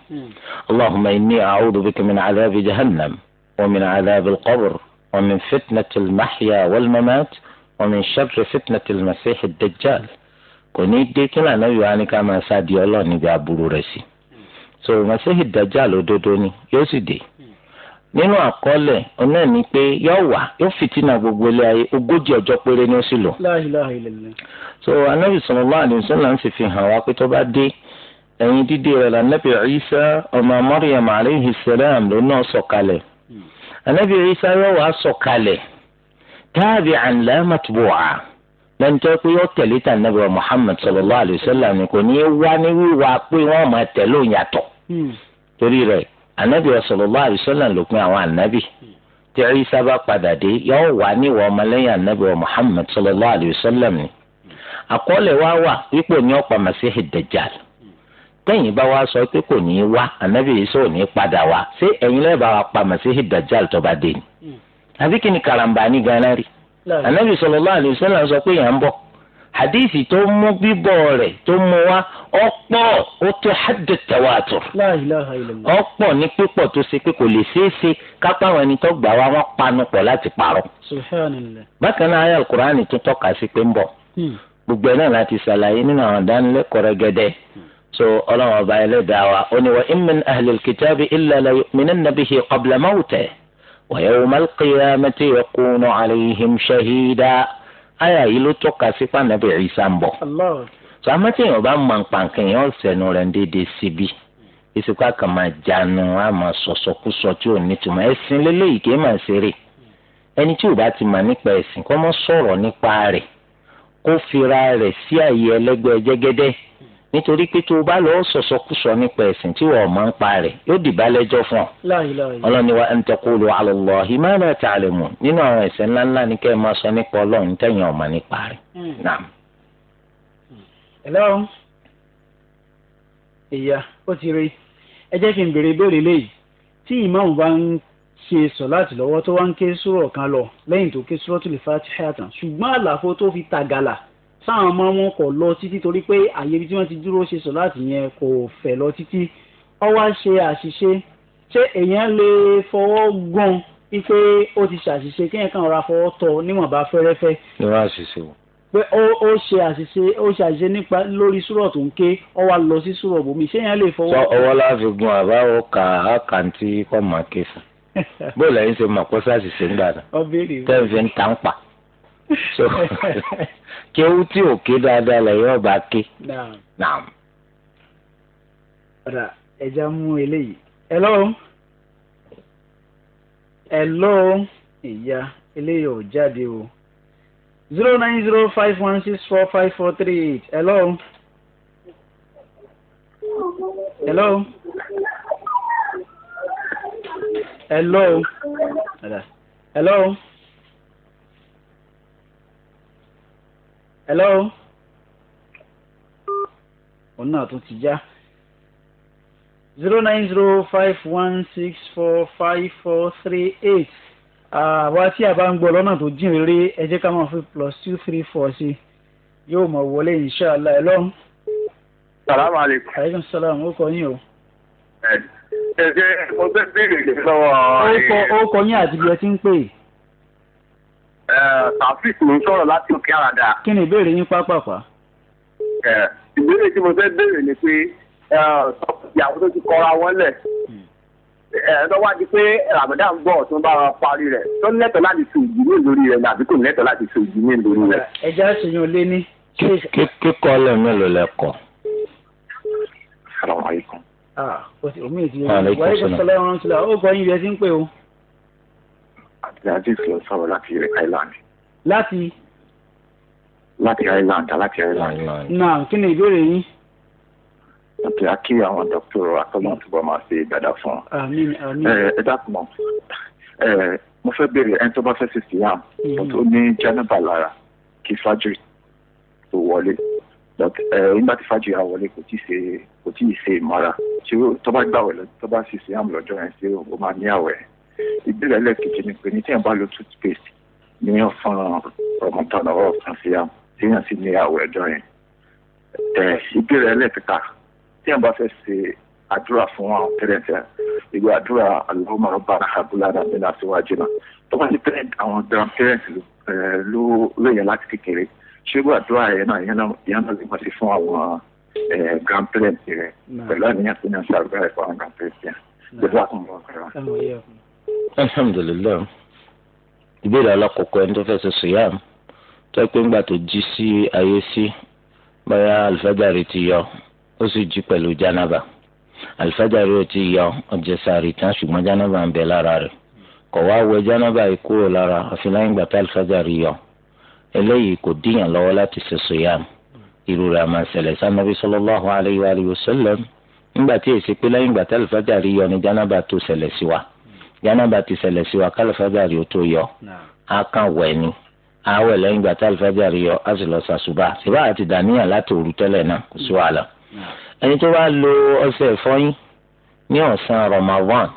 allahumma inni a'udhu bika min adhabi jahannam wa min adhabi al-qabr wa min fitnati al wal-mamat wa min sharri fitnati al dajjal. kò ní dé kí lànà yóò wá ní ká máa sáàdì ọlọ́run níbi àbúrò rẹ̀ so masihi dajjal òdodo ni yóò sì nínú àkọọ́lẹ̀ ọ̀nà ni pé yóò wà yóò fìtínà gbogbo ilé ayé ogójì ọjọ́ péré ni ó sì so anabi sallallahu alaihi wasallam sì fi hàn wá pé tó bá dé ẹ̀yìn dídé rẹ̀ lànàbì ọmọ Maryam alayhi salam ló náà sọ̀kalẹ̀ anabi yóò wá sọ̀kalẹ̀ lẹ́nu pé yóò tẹ̀lé wa Muhammad sallallahu anabi sallallahu alaihi wasallam ló pin àwọn anabi tí Ìsá bá padà dé yóò wà níwọ̀ ọmọlẹ́yìn anabi wa muhammad sallallahu alaihi wasallam ni àkọọ́lẹ̀ wa wà wípé ní ọ̀pá masihi dajjal tẹ́yìn bá wa sọ pé kò ní í wá anabi Ìsá ò ní í padà wá ṣé ẹ̀yin lẹ́ẹ̀ wa pa masihi dajjal tó bá dé ni hmm. àbí kí ni karambani gan rí anabi sallallahu alaihi sọ pé yàn ń bọ̀ hadithi tó mú bíbọ̀ rẹ̀ tó mú wa ọ̀pọ̀ ó tó haddu tawatur. ọ̀pọ̀ ní pípọ̀ tó ṣe pé kò lè ṣeé ṣe kápá àwọn ẹni tó gbà wá wọn panu pọ̀ láti parọ́. bákan náà ayé alukur'an tó tọ́ka sí pé ń bọ̀ hmm. gbogbo ẹ̀ náà láti ṣàlàyé nínú àwọn ìdánilẹ́kọ̀ọ́ rẹ̀ gẹ́dẹ́ so ọlọ́run ọba ẹlẹ́dàá wa ó ní wa in min ahlil kitabi illa la yu'minanna bihi qabla mawtihi wa yawmal qiyamati aya yìí ló tọ́ka sí fànàbì ìsà ń bọ̀ tó àmọ́ tí èèyàn bá mọ pàǹkì yẹn ọ̀sẹ̀nu rẹ̀ ń dédé síbi ìsìnkú àkàmà jánu àmà sọ̀sọ̀kúsọ tí ò ní ẹ̀sìn lélẹ́yìí kì í ẹni tí ò bá ti mà nípa ẹ̀sìn kọ́ mọ́ sọ̀rọ̀ nípa rẹ̀ kó fira rẹ̀ sí àyè nítorí pé tó o bá lọ sọsọkúsọ nípa ẹ̀sìn tí wọ́n máa ń pa rẹ̀ yóò dìbà lẹ́jọ́ fún ọ. ọlọ́ni wa an taqulu ala Allahi ma la ta'lamun nínú àwọn ẹ̀ṣẹ̀ ńláńlá ni kẹ́ ẹ máa sọ nípa ọlọ́run tẹ̀yìn ọ̀mà nípa rẹ̀. Hmm. hello ìyá ó ti rí ẹ jẹ́ kí n béèrè ìbéèrè léyìí tí ìmáàmù bá ń ṣe sọ láti lọ́wọ́ tó wá ń ké sùrọ̀ kan lọ sáwọn ọmọ wọn kò lọ títí torí pé àyè ibi tí wọ́n ti dúró ṣe sọ láti yẹn kò fẹ̀ lọ títí ó wá ṣe àṣìṣe ṣé èèyàn lè fọwọ́ gan ipe ó ti ṣàṣìṣe kéèyàn kan ra fọwọ́ tọ níwọ̀nba fẹ́rẹ́fẹ́. ìwà àṣìṣe o. pé ó ṣe àṣìṣe ó ṣe àṣìṣe nípa lórí súrọ̀ tó ń ké ó wá lọ sí súrọ̀ bòmí ṣé èèyàn lè fọwọ́. sọ ọwọ́ láfi gun àbáwọ̀ kà á kàǹtì kọ́ máa ké fún bóòlù ẹ̀yin ṣe mọ̀ pé ṣàṣìṣe ń gbà náà tẹ́ ń fi ń ta ń pa so kéwú tí ò ké dáadáa lẹ́yìn ọba ké. naam. ọ̀dà ẹja mú eléyìí. hello. hello ìyá eléyìí ò jáde o. zero nine zero five one six four five four three eight. hello. hello. hello. hello. hello òun náà tún ti já zero nine zero five one six four five four three eight àwa tí a bá ń gbọ́ lọ́nà tó jìn rere ẹ jẹ́ ká máa fi plus two three four sí yóò mọ̀ wọlé inshallah ẹ lọ́run. salaam aleykum. aleykum salaam ó kọ yín o. ẹ ẹ ṣe mo fẹ́ bèrè lọ́wọ́. ó kọ yín àti bí ẹ ti ń pè é. Eh, taofik ló ń sọ̀rọ̀ láti òkè àràdà. kí ni ìbéèrè yín pápápá. Eh, ìbéèrè tí mo fẹ́ béèrè ni pé eh, ìyàwó tó ti kọra wọn lẹ̀ lọ́wọ́dí hmm. pé ramadan bọ̀ tó bá parí rẹ̀ tó lẹ́tọ̀ láti so ìdílé lórí rẹ̀ àbí kò lẹ́tọ̀ láti so ìdílé lórí rẹ̀. ẹ jẹ́ àṣeyàn lé ní. kíkọ́ lẹ̀ mélòó lẹ kọ́. salamaleykum. ah omi ìdílé wa ẹ̀ṣẹ̀ sọlá ọ̀run sílẹ̀ ó gbọ́ yín bí ẹ ti ń pè o. Aziz ló ń sọ̀rọ̀ láti Ireland. láti. láti Ireland láti Ireland. náà kí ni ìbéèrè yín. àti akí àwọn dókítà akọ́mọ̀ tó bọ́ máa ṣe dáadáa fún un. àmín àmín. ẹ ẹ dákun ẹ mo fẹ́ béèrè ẹni tó bá fẹ́ sèṣì yàm mo tó ní jẹ́nẹ́bà lára kí fájì tó wọlé nígbà tí fájì á wọlé kò tí ì ṣe kò tí ì ṣe ìmọ̀ra tó bá gbàwẹ̀ tó bá sèṣì yàm lọ́jọ́ yẹn ṣé o máa ní àwẹ̀ ìbéèrè ẹlẹ́kejì ni pé ní tí yẹn bá lo toothpaste ní ọ̀fọ̀n ọ̀mọ̀tàn ọ̀rọ̀ ọ̀sán sí àwọn tí yẹn sì ní àwọ̀ ẹ̀jọ́ yẹn. ìbéèrè ẹlẹ́kẹta tí yẹn bá fẹ́ ṣe àdúrà fún àwọn pẹ́rẹ́ntì ìwé àdúrà alùpùpù bára àbúlá àbí náà síwájú náà tó bá ti pẹ́rẹ́ntì àwọn grand parents ló lóye láti kékeré ṣé ìwé àdúrà yẹn náà yẹn náà lè mọ̀ sí fún àwọn grand parents rẹ̀ pẹ̀lú àníyàn tó ní àṣà àgbà ẹ̀kọ́ àwọn grand parents yẹn alhamdulilayi ìbéèrè alákọ̀ọ́kọ́ ẹni tó fẹ́ ṣe sùyàm tó pé ńgbà tó jí sí ayé sí báyà alifájàre ti yọ ó sì jí pẹ̀lú jánaba alifájàre ó ti yọ ọ̀jẹ̀sàrì tán ṣùgbọ́n jánaba ń bẹ lára rẹ̀ kò wá wẹ jánaba yìí kúrò lára àfi lẹ́yìn gbàtà alifájàre yọ eléyìí kò díyàn lọ́wọ́ láti ṣe sùyàm irú rẹ̀ àmà ṣẹlẹ̀ sanabi sallallahu alayhi wa sallam ńgbà tí èsì pé lẹ́yìn gbàtà alifájàre yọ ni jánaba tó ṣẹlẹ̀ sí wa jánábà ti ṣẹlẹ̀ sí wa kálífàjárì ó tó yọ á kàn wẹ̀ ni á wẹ̀ lẹ́yìn ìgbà tí àlùfàjárì yọ á sì lọ sàṣùbà síbá àti dàníyàn láti òru tẹ́lẹ̀ náà kò sí wàhálà. ẹni tó bá lo ọṣẹ ìfọyín ní ọ̀sán Ramadan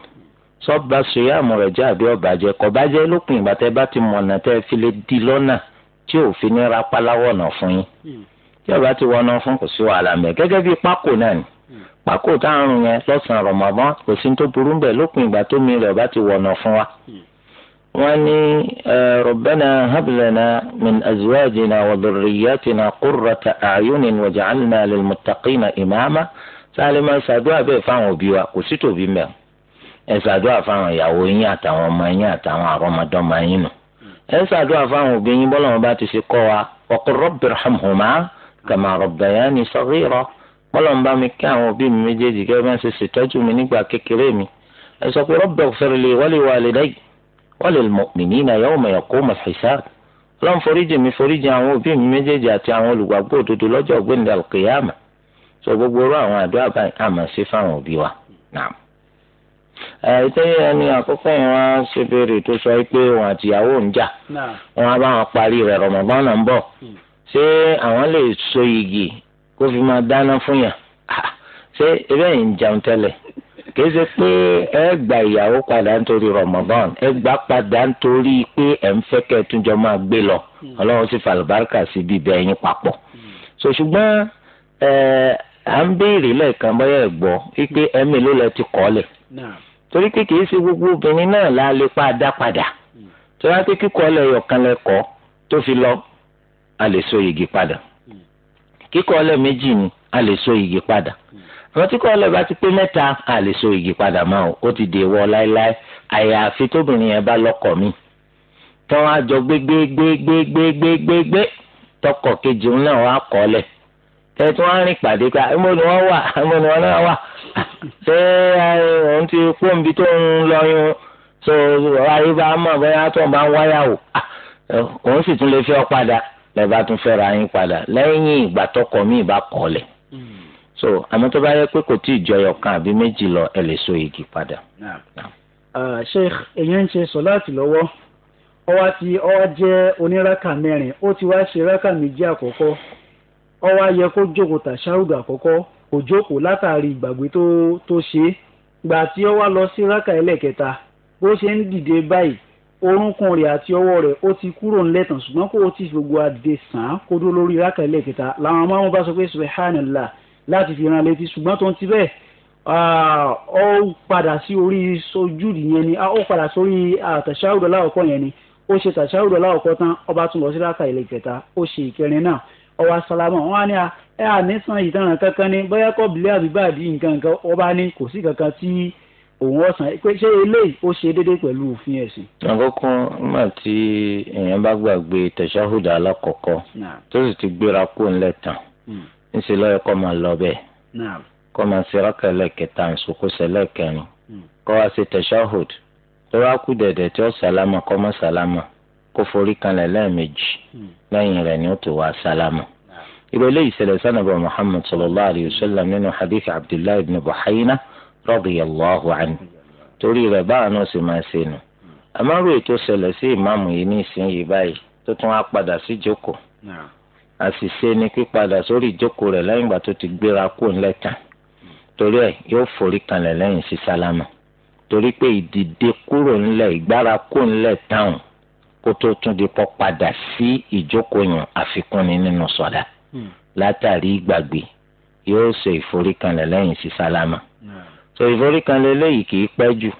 sọ́ba ṣèyàmù rẹ̀ jẹ́ àbí ọ̀bàjẹ́ kọ̀bàjẹ́ lópin ìgbà tẹ́ bá ti mọ̀nà tẹ́ fi lè di lọ́nà tí òfin ní rapáláwọ̀nà fún yín hmm. tí ọba ti wọnà fún kò sí wàhálà mẹ́ gẹ́gẹ́ bí pákó náà ni pákó táàrùn yẹn lọ́sàn-án rọ̀mọ́bọ́n kò sí tó burú bẹ́ẹ̀ lópin ìgbà tómi rẹ̀ bá ti wọ̀nà fún wa. wọ́n ní rọ̀bẹ́nà hablana min azuwájìnà wàdùrìyàtìnà kúrọ̀tà àyùnìn wàjàánà lèmùtàkìnà ìmáàmá sálẹ̀ máa ṣàdúrà bẹ́ẹ̀ fáwọn òbí wa kò sí tòbí mẹ́ ẹ ṣàdúrà fáwọn ìyàwó yín àtàwọn ọmọ yín àtàwọn àrọ́mọdọ́mọ yín nù ẹ bọ́lọ̀ ń bá mi kí àwọn òbí mi méjèèjì kí wọ́n bá ń ṣe ṣètọ́jú mi nígbà kékeré mi ẹ sọ pé rọ́bì ọ̀fẹ́rẹ́ lè wọ́lé wa lè dẹ́yì wọ́lé mọ̀mìnì náà yọ̀wọ̀ mọ̀ ẹ̀kọ́ mọ̀ ṣẹ̀ṣá ọlọ́run foríjì mi foríjì àwọn òbí mi méjèèjì àti àwọn olùgbàgbọ́ òdodo lọ́jọ́ ọ̀gbẹ́ni alkiyama sọ gbogbo orú àwọn àdúrà báyìí àmọ́ sí fáwọn òbí wa náà. ẹ̀ẹ́dẹ́yẹ ẹni àkọ́kọ́ yẹn wá ṣe béèrè tó sọ pé òun àtìyàwó ń jà wọn bá wọn parí rẹ̀ rọ̀mọ̀bọ́n náà ń bọ̀ hmm. ṣé àwọn lè so igi kó fi máa dáná fún yàn ah, ṣé ebe yìí ń jẹun tẹ́lẹ̀ kìí ṣe pé ẹ gba ìyàwó padà nítorí Ramadan ẹ gbà padà nítorí pé ẹ ń fẹ́ kẹ́ ẹ túnjọ máa gbé lọ hmm. ọlọ́run sì fàlùbáríkà sí bíbẹ yín papọ̀ so ṣùgbọ́n ẹ à ń béèrè lẹ́ẹ̀kan bọ́yá ẹ̀ gbọ́ wípé hmm. ẹ̀mí ló lẹ ti kọ́ lẹ̀ torí pé kìí ṣe gbogbo obìnrin náà la lè pa dá padà hmm. tó wá pé kíkọ́ lẹ̀ yọ̀kan lẹ̀ kọ́ tó fi lọ a lè so yìgì padà. kíkọ́ ọlẹ́ méjì ni a lè so igi padà àwọn tí kọ́ ọlẹ́ bá ti pé mẹ́ta a lè so igi padà mọ́ ọ ó ti dèwọ́ láéláé àyàfi tóbìnrin yẹn bá lọ́kọ mi tán á jọ gbégbégbégbégbégbé tọkọ kejì náà wà kọ́ ọlẹ́ tẹ tí wọn rìn pàdé wà náà wà ṣé òun ti kó nbi tó ń lọ yún so ayé bá bá ń tún lè fi padà lẹ́ẹ̀bá tún fẹ́ ra yín padà lẹ́yìn ìgbà tọkọ mi ìbá kọ́lẹ̀ so àmọ́ tó bá yẹ pé kò tí ì jọyọ̀ kan àbí méjì lọ ẹ lè so igi padà. sheikh èyàn ń ṣe sọláàtì lọ́wọ́ ọwá tí ọwá jẹ́ oníraka mẹ́rin ó ti wá ṣe raka méjì àkọ́kọ́ ọwá yẹ kó jókòó tàṣáhùdù àkọ́kọ́ kò jókòó látàrí ìgbàgbé tó ṣe gbà tí ọwá lọ sí raka ẹlẹ́kẹta bó ṣe ń dìde báyìí orúnkún rẹ̀ àti ọwọ́ rẹ̀ ó ti kúrò ńlẹ̀tàn ṣùgbọ́n kó o ti gbogbo adé sàn án kó dó lórí rákàlẹ̀ kẹta làwọn máa ń bá sọ pé subhanallah láti fi ran létí ṣùgbọ́n tó ń ti bẹ́ẹ̀ ó padà sí orí sojúdì yẹn ni ó padà sórí tàṣàhùdù láwọ̀kọ́ yẹn ni ó ṣe tàṣàhùdù láwọ̀kọ́ tán ó tún lọ sí rákàlẹ̀ kẹta ó ṣe ìkẹrin náà ó wá wọn á ní àníṣàn ìtàn kankan ni bóyá kọ́ bílẹ̀ àbíbáàdì nǹkan nǹkan ọba ní kò sí kankan tí òun ọ̀sán pé ṣé eléyìí ó ṣe déédéé pẹ̀lú òfin ẹ̀sìn. àkọ́kọ́ nígbà tí èèyàn bá gbàgbé tẹ̀síáhùdà alákọ̀ọ́kọ́ tó sì ti gbéra hmm. kó ńlẹ̀ tán ńṣe lọ́yọ̀ kọ́ máa lọ bẹ́ẹ̀ kọ́ máa ṣe rákà ẹlẹ́kẹta ìṣòkòṣe ẹlẹ́kẹrin hmm. kọ́ wá ṣe tẹ̀síáhùd tó wá kú dẹ̀dẹ̀ tí ó sálámà kọ́ mọ́ sálámà kó forí kanlẹ̀ lẹ́ẹ̀mejì hmm. lẹ́yìn rẹ̀ ni ó tó wá sálámà. ìrọ̀lẹ́ ìṣẹ̀lẹ̀ sànàbọ̀ Muhammad sallallahu alayhi wa sallam nínú hadith Abdullahi ibn Buhayna radiyallahu anhu torí rẹ̀ báwa náà sì máa ṣe nù àmọ́rò ètò ṣẹlẹ̀ sí ìmáàmù yìí ní ìsinyìí báyìí tó tún á padà sí ìjókòó àṣìṣe ni pípadà sórí ìjókòó rẹ̀ lẹ́yìn ìgbà tó ti gbéra kó ńlẹ̀ tán torí ẹ̀ yóò forí kanlẹ̀ lẹ́yìn sí sálámà torí pé ìdìde kúrò ńlẹ̀ ìgbára kó ńlẹ̀ táwọn kó tó tún di pọ́ padà sí ìjókòó yàn àfikún ni nínú sọ̀dá hmm. látàrí ìgbàgbé yóò ṣe ìforí kanlẹ̀ lẹ́yìn sí sálámà. Yeah. so ìforí kan lélẹ́yìí kì í pẹ́ jù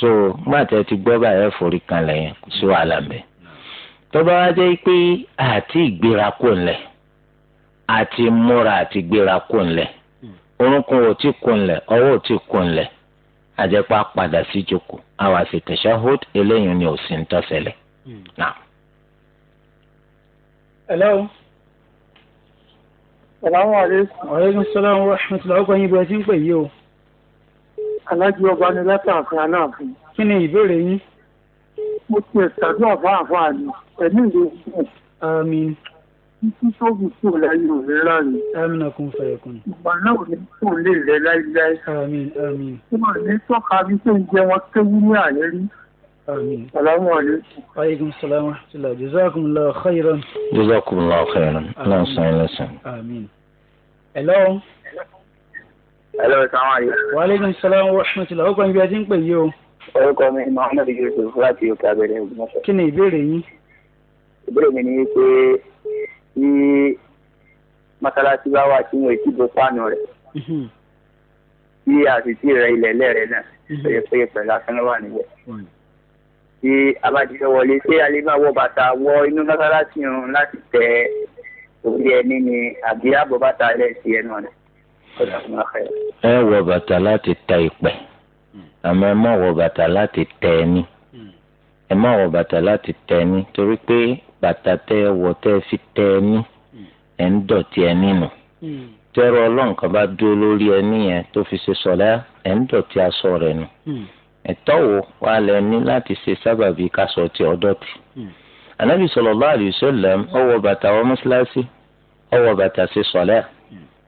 so gbàtẹ́ ti gbọ́ báyẹn forí kan lẹ́yìn kò sí wàhálà ń bẹ̀. tọ́ba wa jẹ́ pé àti ńlẹ̀ àti múra àti ìgbéra ńlẹ̀ orúnkún ò tí ńlẹ̀ ọwọ́ ò tí ńlẹ̀ àjẹpá padà sí eléyìí ni ò sí ń tọ́sẹ̀lẹ̀. Hmm. hello. rahmatulah o. alájú ọba ni látàfin aláàfin. kí ni ìbéèrè yín. mo ti ẹ̀sàdún àfáàfáà ni ẹ̀mí ìlú ìfún. àmín. títí tó fi kú láyé òní láàrin. àmín náà kún fẹ̀yẹ̀ kún. ìgbà náà ò ní kú lè rẹ láíláí. àmín àmín. ó mà ní tọ́ka bí tó ń jẹ wọn kéwú ní àyè rí. آمين السلام عليكم وعليكم السلام ورحمة الله جزاكم الله خيرا جزاكم الله خيرا اللهم صل على Hello. Hello. Hello, assalamu alaikum. Wa alaikum assalam wa rahmatullahi. Ó kọ́ ibi ẹtí ń pè yí o. Orúkọ mi Muhammad Yusuf láti òkè abẹ́rẹ́ Ògbómọ̀ṣọ́. Kí ni ìbéèrè yín? Ìbéèrè mi ni pé ní mọ́sálásí bá wà tí wọ́n ti bo páànù rẹ̀. Mhm. Bí àtìtì rẹ̀ ilẹ̀ lẹ́rẹ̀ náà, péye mhm. péye pẹ̀lú asán ló wà níbẹ̀. Bí abájíṣẹ́ wọlé ṣé a wọ bàtà wọ inú mọ́sálásí run láti tẹ òbí ẹni ni àbí àbọ̀ bàtà lẹ́sìn ẹnu ọ̀nà. ẹ wọ bàtà láti ta ìpẹ́ àmọ́ ẹ má wọ bàtà láti tẹ̀ ẹ́ ní ẹ má wọ bàtà láti tẹ̀ ẹ́ ní torí pé bàtà tẹ ẹ wọ fi tẹ̀ ẹ́ ní ẹ ń dọ̀tí ẹ nínú tẹ́rọ ọlọ́run kan bá dúró fi ṣe sọ̀lá ẹ ń dọ̀tí aṣọ rẹ̀ nù ẹ̀tọ́ wo wàá lẹ ní láti ṣe sábàbí kásọ̀ tí ọ dọ̀tí. ànábì bàtà ṣe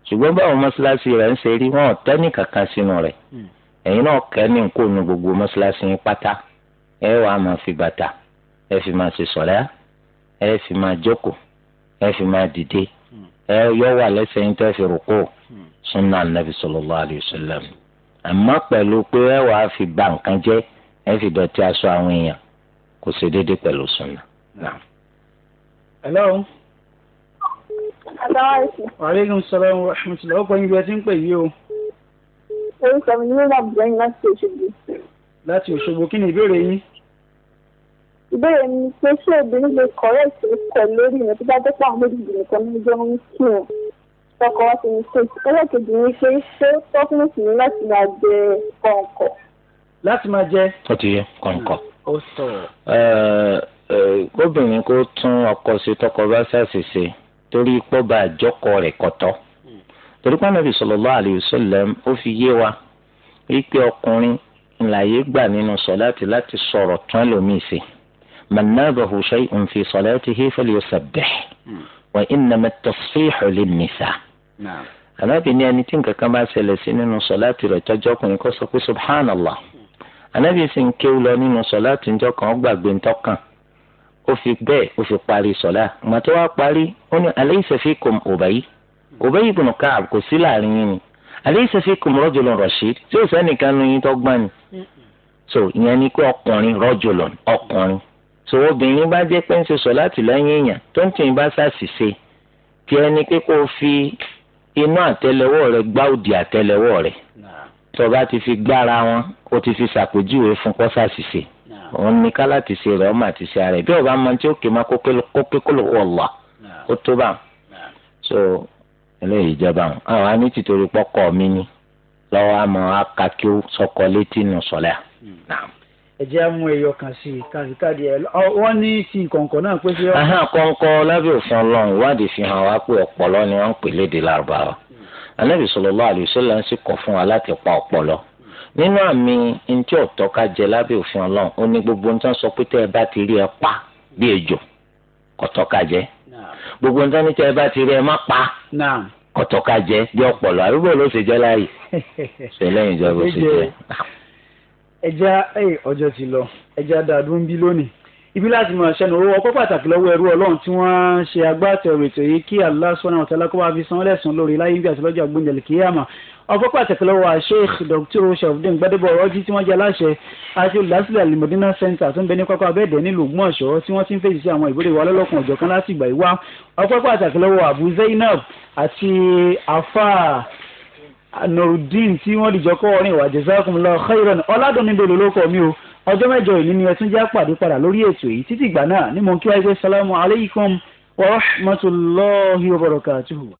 ṣùgbọ́n báwọn mọ́ṣáláṣí rẹ̀ ń ṣe rí wọn ò tẹ́ni kankan sínú rẹ̀ hmm. ẹ̀yin náà kẹ́ni kó nu gbogbo mọ́ṣáláṣí yín pátá ẹ wà á máa fi bàtà ẹ fi máa ṣe sọ̀rẹ́ ẹ fi máa jókòó ẹ fi máa dìde ẹ yọ wà lẹ́sẹ̀ yín tẹ́ fi rúkọ́ hmm. sunna anabi sallallahu alayhi wa sallam àmọ́ pẹ̀lú pé ẹ wà á fi ba nǹkan jẹ́ ẹ fi dọ̀tí aṣọ àwọn èèyàn kò ṣe déédéé pẹ̀lú sunna. Aleykum salaam wa rahmatulah. Ó kọyìn bí ẹ ti ń pè yí o. Orúkọ mi ni Rẹ́dà Bùrẹ́yìn láti Òṣogbo. Láti Òṣogbo, kí ni ìbéèrè yín? Ìbéèrè mi pé ṣé obìnrin lè correct orúkọ lórí ìyẹn tó bá jẹ́ pé àwọn méjì nìkan ní jẹ́ wọ́n kí wọn. Ọkọ wa ti ní ṣèṣì. Ẹlẹ́kejì ni pé ṣé tọ́kùnrin ní láti máa jẹ kọ̀ǹkọ̀? Láti máa jẹ. Ó ti yẹ kọ̀ǹkọ̀. Ó sọ̀rọ̀. Obìnrin kó tún ọkọ ṣe tọkọ bá ṣàṣìṣe torí pọ́ bá àjọkọ rẹ̀ kọ̀tọ́ hmm. torí pé Ànábì sallallahu alayhi wa sallam ó fi yé wa wípé ọkùnrin ńláyé gbà nínú sọ̀láàtì láti sọ̀rọ̀ tán lómi sí man nabahu shay'un fi salatihi falyusabbih hmm. wa innama at-tasfihu lin-nisa. Ànábì ní ẹni tí nǹkan kan bá ṣẹlẹ̀ sí nínú sọ̀láàtì rẹ̀ tọ́jọ́ ọkùnrin kó sọ pé subhanallah hmm. Ànábì sì ń kéwú lọ nínú sọ̀láàtì ńjọ́ kan ó gbàgbé ńtọ́kàn ó fi bẹ́ẹ̀ ó fi parí sọ̀lá ìgbà tó wá parí ó ní alaysa fikum Ubay Ubay ibn Ka'b kò sí láàrin yín ni alaysa fikum rajulun rashid tí ó sẹ́nìkan nu yín tó ni so ìyẹn ni pé ọkùnrin rajulun ọkùnrin so obìnrin bá jẹ́ pé ń ṣe sọ̀lá tìlẹ́yìn èèyàn tó ń tìyìn bá ṣàṣìṣe tí ẹni pé kó o fi inú àtẹ́lẹwọ́ rẹ̀ gbá òdì àtẹ́lẹwọ́ rẹ̀ tó ti fi gbára wọn ó ti fi ṣàpèjúwe fún kọ́sàṣìṣe. òun ní ká láti ṣe rẹ̀ ọmọ àti ṣe ààrẹ bí ọba máa tí ó ké máa so eléyìí ìjọba àwọn àwọn á pọkọ mi ni lọ́wọ́ àmọ́ aka sọkọ létí nù sọ̀lẹ́ hmm. ẹ jẹ́ mú ẹyọ kan sí i kàdìkàdì ẹ wọ́n ní náà pé ṣé. kọ̀ǹkọ̀ lábẹ́ òfin ọlọ́run ìwádìí fi hàn wá pé ọ̀pọ̀lọ́ ni wọ́n ń pè léde lárúbáwá ń kọ̀ fún wa láti pa ọ̀pọ̀lọ́ nínú àmì ntí ọ̀tọ́ ká jẹ lábẹ́ òfin ọlọ́run ó ní gbogbo nǹkan sọ pé tẹ́ ẹ bá ti rí ẹ pa bí ejò kọ̀tọ́ ká jẹ gbogbo nǹkan ní tẹ́ ẹ bá ti rí ẹ má pa kọ̀tọ́ ká jẹ bí ọ̀pọ̀lọ àrúgbó ló ṣe jẹ́ láàyè ṣẹlẹ́yìn ìjọba ó ṣe jẹ́. ẹja ọjọ́ ti lọ ẹja dàdún bí lónìí ibi láti mọ̀ ṣẹnu owó ọpẹ́ pàtàkì lọ́wọ́ ẹrú ọlọ́run tí wọ́n ń ṣe agbátẹrù ètò yìí kí Allah subhanahu wa ta'ala kó bá fi san lẹ́sùn lórí láyé níbi àtìlọ́jọ́ àgbóyìnlẹ̀ kíyàmà ọpẹ́ pàtàkì lọ́wọ́ Sheikh Dr. Sharafdin Gbadebo ọjí tí wọ́n jẹ́ aláṣẹ àti olùdásílẹ̀ alimọ̀dínà center tó ń bẹ ní kọ́kọ́ abẹ́ẹ̀dẹ́ nílùú Ògbómọ̀ṣọ́ tí wọ́n ti ń fèsì sí àwọn ìbéèrè wa lọ́lọ́kan ọ̀jọ̀kan láti ìgbà ìwá ọpẹ́ pàtàkì lọ́wọ́ Abu Zainab àti afa Nurudeen tí wọ́n dìjọ́ kọ́ orin ìwà jazakumullahu khairan ọ̀làdùnní dòlò lóko ọjọ́ mẹ́jọ ìlú ni ẹtún jẹ́ pàdé padà lórí ètò yìí títí ìgbà náà ni mò ń kí wáyé pé salamu alaykum wa rahmatulahi wa barakatuhu.